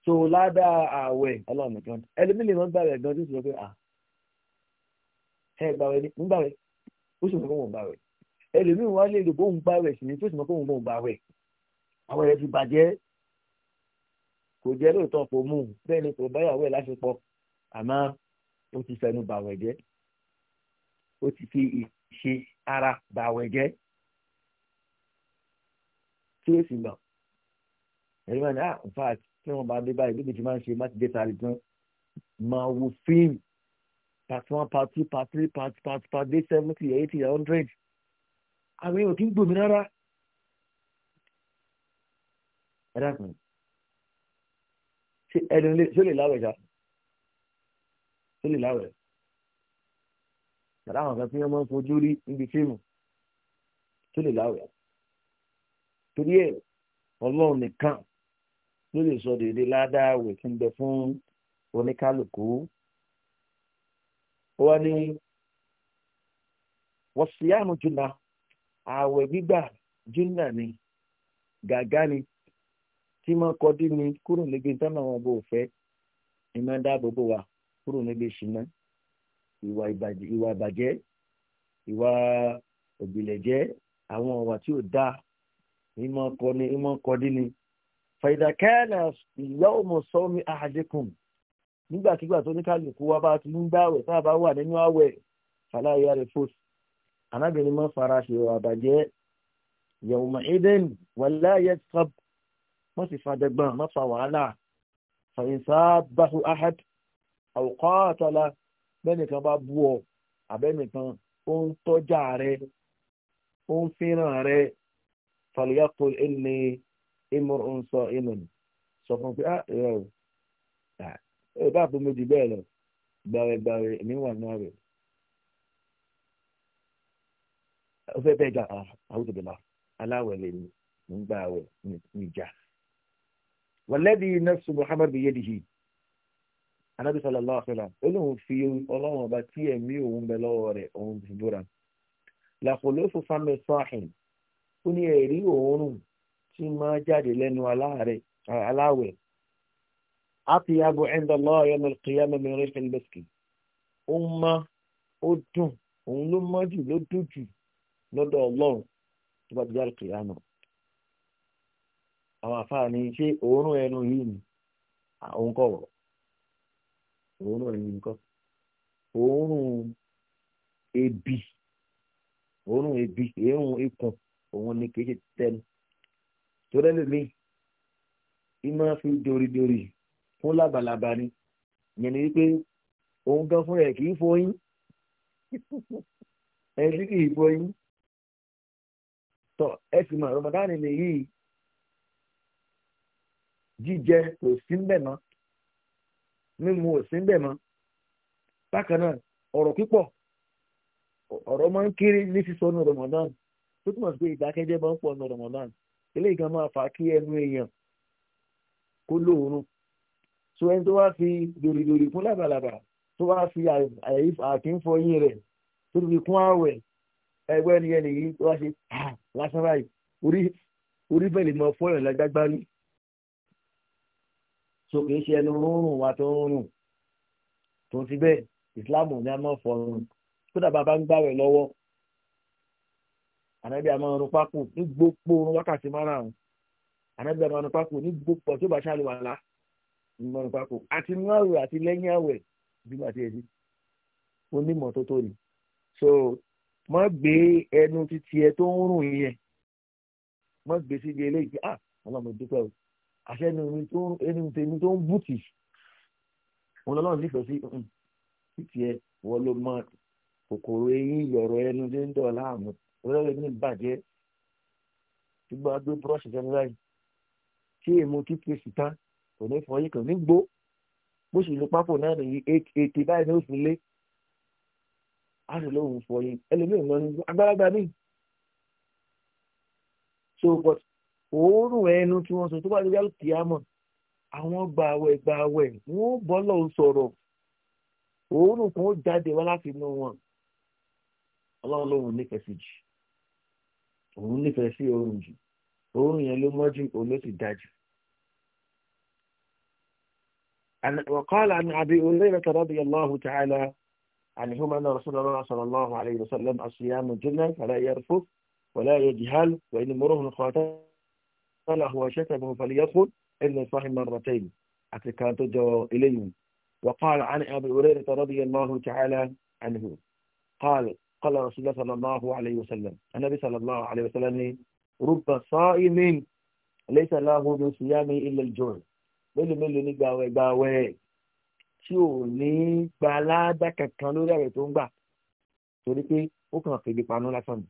S1: so ládàá ààwẹ̀ ọlọ́run nìkan ẹlẹ́mìlì máa ń gbà rẹ̀ gan tó sì sọ pé à ẹ gbà rẹ̀ nígbà rẹ̀ ó sì fún wọn gbà rẹ̀ ẹlòmíì wá lè lò bóun gbà wẹ̀ sí ni tó sì mọ̀ bóun bóun gbà wẹ̀ àwọn ẹ̀rẹ́ ti bàjẹ́ kò jẹ́ lóòótọ́ kò mú bẹ́ẹ̀ ni kò báyàwó ẹ̀ láṣepọ̀ àmọ́ ó ti fẹnu bàwẹ̀ jẹ́ ó ti fi ìṣe ara bàwẹ̀ jẹ́ tí ó sì mọ̀ ẹ̀rí wọn ni ah in fact tí wọ́n bá dé báyìí bíbi tí máa ń ṣe má ti dé tààrí tán máa wo fíìmù part one part two part three part part part day seventy eighty hundred àwọn èèyàn kì í gbòmí rárá ẹ dákun ṣé ẹni lè ṣó lè láwẹ̀ ṣá ṣó lè láwẹ̀ tàbí àwọn kan tí wọ́n máa ń fojú rí níbi fíìmù ṣó lè láwẹ̀ torí ẹ̀ ọlọ́run nìkan ló lè sọ déédéé ládàá wẹ̀ tí ń bẹ fún oníkálukú ó wá ní wọ́n ṣìyàmù jùlọ ààwẹ̀ gbígbà júnà ni gàgá ni tí mo kọjú ni kúrò níbi tọ́nà wọn bò fẹ́ ni máa ń dáàbò bò wá kúrò níbi ìṣìná ìwà ìbàjẹ́ ìwà òbílẹ̀jẹ́ àwọn ọ̀wà tí ò dáa ìmọ̀ kọ́ni ìmọ̀ kọ́dí ni fàìdàkẹ́ẹ̀nà ìyá òmò sọ́mi àdínkù nígbàkigbà tó ní kálukú wa bá ti ń gbàwẹ̀ tá a bá wà nínú àwẹ̀ fàlàyé rẹ̀ anábìnrin máa fara ṣe àbàjẹ́ yawma idin wala yatsab wọ́n sì fàdẹ̀gbọ́n má fa wàhálà fàyínsáàbáhu ahad àwòkọ́ àtàlà bẹ́nìkan bá bú ọ àbẹ́nìkan ó ń tọ́jà rẹ ó ń fẹ́ràn rẹ fàlùyàpọ̀ ẹni ìmọ̀ ń sọ inú sọ fún pé ah ẹ̀rọ ah, ẹ̀ bá àpò méjì bẹ́ẹ̀ lọ gbàrẹ̀gbàrẹ̀ èmi wà náà rẹ̀. ó fẹ́ bẹ́ẹ̀ jà àwùjọ bẹ̀rẹ̀ aláwẹ̀ lè ní nígbà àwẹ̀ níjà. wàlẹ́bí nẹ́sùn muhammad bìí yédìí anábì sallallahu alaihi wasallam olóhùn fi ọlọ́run ọba tí ẹ̀mí òun bẹ lọ́wọ́ rẹ̀ òun fi búra. làkòlófò fámi sọ́ọ̀hìn ó ní ẹ̀rí òórùn tí máa jáde lẹ́nu aláwẹ̀ àtìyàbò ẹ̀ńdọ̀lọ́ ọ̀yọ́mọ̀ kìyàmọ̀ mẹ́rin fẹ́lẹ́sìkì ó mọ́ ó dùn òun ló mọ́ jù ló dùn jù lọ́dọ̀ ọlọ́run tó bá dúdú àlùkè àná àwọn àfààní ṣé òórùn ẹnu yìí ni òun kọ̀ wọ̀ òórùn ẹnu nǹkan òórùn ebi òórùn ebi èérùn ikùn òun ni kì í ṣe tẹnu tó rẹ́lẹ̀ ìmọ̀ fi doridori fún labalábá ni yẹn ni wípé òun gan fún ẹ̀ kì fọyín ẹ̀ sì fọyín tọ ẹ sì mọ rọmọdánì nìyí jíjẹ kò sí ń bẹ mọ́ mímu ò sí ń bẹ mọ́ bákan náà ọ̀rọ̀ pípọ̀ ọ̀rọ̀ máa ń kéré ní sísọ ní rọmọdánì tó túmọ̀ sí pé ìdákẹ́jẹ́ máa ń pọ̀ ní rọmọdánì eléyìí kan máa fà á kí ẹnu èèyàn kó lóorun so ẹni tó wá fi dòrìdòrì kún lábàlàbà tó wá fi àkínfọyín rẹ̀ tó fi kún àwẹ̀ ẹgbẹ́ ẹni yẹn nìyí tó wá ṣe ah, lásán báyìí orí orí bẹ́ẹ̀ lè mọ fọ́ọ̀rọ̀ lágbágbá ní. so kì í ṣe ẹnu rúnrún wa tó ń rùn tó ti bẹ́ẹ̀ ìsìláàmù ni a máa fọ̀rùn kódà bàbá ń gbàwẹ̀ lọ́wọ́ ànábì àmọ́ ọ̀run pákó ní gbogbo orun wákàtí márùn-ún ànábì àmọ́ ọ̀run pákó ní gbogbo ọ̀tí òbá ṣáàlù wàlá ní ọ̀run pákó àti inú àwẹ̀ àti lẹ́yìn àwẹ̀ bí màtí ẹ̀ sí onímọ̀ tó tó ni so mọ́ gbé ẹnu títí ẹ tó ń rùn yẹn mọ́ gbé síbi eléyìí pé ah ọlọ́run dúpẹ́ o àṣẹ ẹnu mi tó ẹnu tèmi tó ń bùtì òun lọ́lọ́run nífẹ̀ẹ́ sí títí ẹ wọ́n ló mọ kòkòrò eyín yọ̀rọ̀ ẹnu tó ń dọ̀ láàmú olórí ní ìbàjẹ́ ṣùgbọ́n a gbé búrọ́ọ̀ṣì sẹ́nu láì tí èmo kíkèsì tán kò ní fọyín kò ní gbó bó sì lu pápò náà nìyí eighty báyìí ní òfin lé á sì lóhùn fọyín ẹlòmíì lọ ní agbálagbà míì so but òórùn ẹnu tí wọ́n sọ tó bá lè yálò kìámọ̀ àwọn gbààwẹ̀ gbààwẹ̀ wọn ò bọ́ lọ́hùn sọ̀rọ̀ òórùn kan ó jáde wá láti inú wọn ọlọ́run lóhùn nífẹ̀ẹ́ sí jù òun nífẹ̀ẹ́ sí òórùn jù òórùn yẹn ló mọ́jú òun ló sì dájú. وقال عن أبي هريرة رضي الله تعالى يعني هم أن رسول الله صلى الله عليه وسلم الصيام الجنة فلا يرفض ولا يجهل وإن مره قاتله وشتمه فليدخل إن صاحب مرتين حتى كان تدعو إليهم وقال عن أبي هريرة رضي الله تعالى عنه قال قال رسول الله صلى الله عليه وسلم النبي صلى الله عليه وسلم رب صائم ليس له من صيامه إلا الجوع ملي ملي نقاوي قاوي tí ò ní gba aládá kankan lórí àwẹ̀ tó ń gbà torí pé ó kàn fèdè panu lásán ni.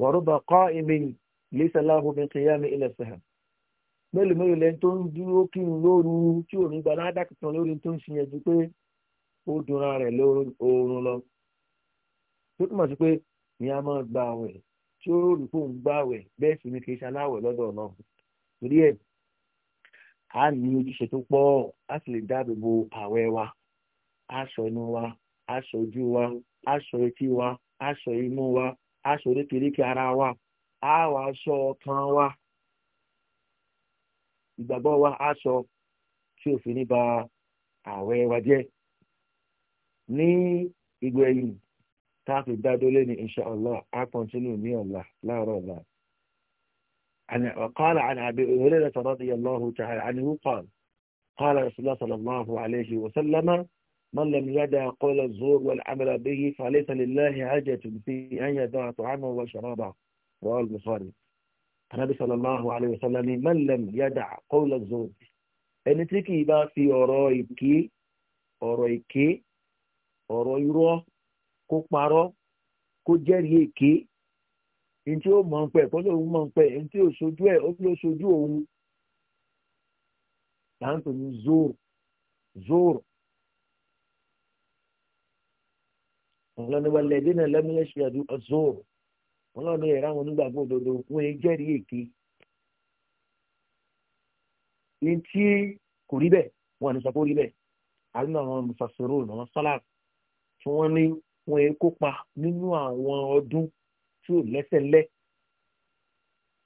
S1: wọ̀rọ̀bà kọ́ èmi lẹ́sẹ̀ láàbò mi kìí yá mi ilẹ̀ sẹ̀hàn mélòó mélòó lẹ́ni tó ń dúró kí n lóru tí ò ní gba aládá kankan lórí tó ń ṣiyẹn ju pé ó dunra rẹ̀ lóorun lọ. tó túmọ̀ sí pé ni a máa gba àwẹ̀ tí ó rò pé òun gba àwẹ̀ bẹ́ẹ̀ sì ni kì ṣe aláwẹ̀ lọ́dọ̀ náà torí ẹ̀ a ní ojúṣe tó pọ̀ a sì lè dáàbò bo àwẹ̀ wa aṣọ inú wa aṣọ ojú wa aṣọ etí wa aṣọ inú wa aṣọ ara wa a wà aṣọ ọkàn wa ìgbàgbọ́ wa aṣọ tí òfin ní ba àwẹ̀ wa jẹ́ ní ìgbẹ̀yìn tá a fi dá dólé ní insha Allah a continue ní ọ̀la láàárọ̀ ọ̀la. عن قال عن أبي هريرة رضي الله تعالى عنه قال قال رسول الله صلى الله عليه وسلم من لم يدع قول الزور والعمل به فليس لله حاجة في أن يدع طعامه وشرابه رواه البخاري النبي صلى الله عليه وسلم من لم يدع قول الزور ẹni tí kì í bá fi ọ̀rọ̀ èké ọ̀rọ̀ èké ọ̀rọ̀ irọ́ kó parọ́ kó jẹ́rìí èké ní tí ó mọ̀ ń pẹ̀ tó lóun mọ̀ ń pẹ̀ ní tí ó sojú ẹ̀ ó ló sojú òun là ń pè ní zoro zoro. ọlọ́ni wa lẹ́ẹ̀dín náà lẹ́mílẹ́ ṣe àdúrà zoro ọlọ́ni ẹ̀rọ àwọn onígbàgbọ́ òdodo fún ẹ jẹ́rìí èké. ní tí kò rí bẹ́ẹ̀ wọn ní sọ pé ó rí bẹ́ẹ̀ àdúrà àwọn mùsàfẹ́rò náà sálà tí wọ́n ní wọn kópa nínú àwọn ọdún tí ò lẹ́sẹ̀ ńlẹ̀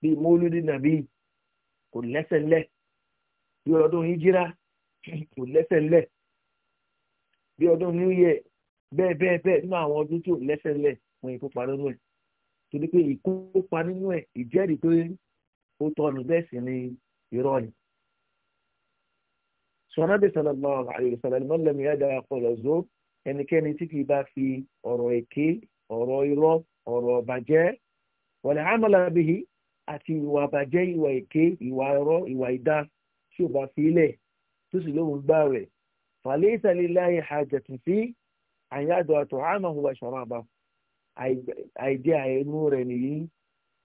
S1: bíi mọ́lúdì nàbí kò lẹ́sẹ̀ ńlẹ̀ bíi ọdún hijira kò lẹ́sẹ̀ ńlẹ̀ bíi ọdún new year bẹ́ẹ̀ bẹ́ẹ̀ bẹ́ẹ̀ nínú àwọn ọdún tí ò lẹ́sẹ̀ ńlẹ̀ wọ́n yìí kópa nínú ẹ̀ torí pé ìkópa nínú ẹ̀ ìjẹ́rìí pé ó tọ́nu bẹ́ẹ̀ sì ni irọ́ ni. sọ̀nàbí sallallahu alaihi wasallam man lam yad'a qawla ẹnikẹ́ni tí kì í bá fi ọ̀rọ̀ èké ọ̀rọ̀ irọ́ ọ̀rọ̀ ọ̀bàjẹ́ wọlé amọ̀làbíyí àti ìwà ọ̀bàjẹ́ ìwà èké ìwà ẹ̀rọ ìwà ìdá tí ò bá fi lẹ̀ tó sì lóhùn gbá rẹ̀ àbá àìnú rẹ̀ nìyí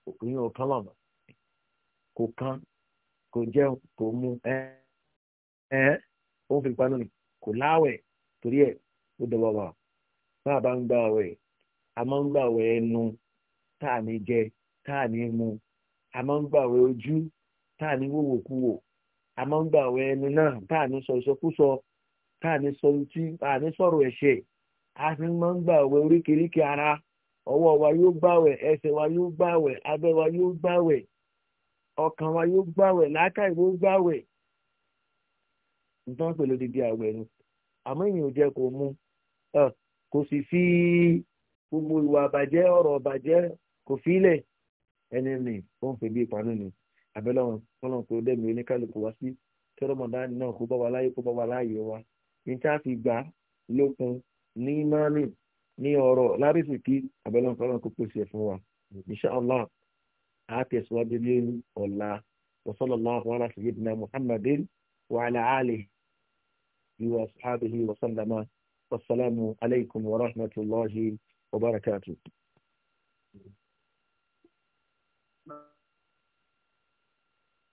S1: òkùnrin ọ̀kan lọ́mọ kò kan kò jẹun kò mu ẹ ẹ ó fi panu kò a máa ń gbàwẹ̀ ẹnu tá jẹ taa mu a máa ń gbàwẹ̀ ojú tá à ní a ẹnu náà tá à sọ ìsọkúsọ taa sọ a sọ̀rọ̀ ẹ̀ṣẹ̀ a oríkèéríkèé ara ọwọ́ wa yóò gbàwẹ̀ ẹsẹ̀ wa yóò gbàwẹ̀ abẹ́ wa yóò gbàwẹ̀ ọkàn wa yóò gbàwẹ̀ làákàyè yóò gbàwẹ̀ nǹkan pẹ̀lú àwẹ̀ àmọ́ gbogbo ìwà àbàjẹ́ ọ̀rọ̀ àbàjẹ́ kò fílẹ̀ ẹni nì ó ń fi bí ìpanu ni àbẹ́lẹ́ wọn kọ́nà kó dẹ́mi oníkálukú wá sí kí rọmọdánì náà kó bá wa láyé kó bá wa láàyè wa ní tá a fi gbà lókun ní mánì ní ọ̀rọ̀ lárísìkí àbẹ́lẹ́ wọn kọ́nà kó pèsè fún wa insha allah a tẹ̀síwájú ní ọ̀la wa sallallahu ala sayyidina muhammadin wa ala alihi wa ashabihi wa sallama wassalamu alaykum wa rahmatullahi wa barakatuh.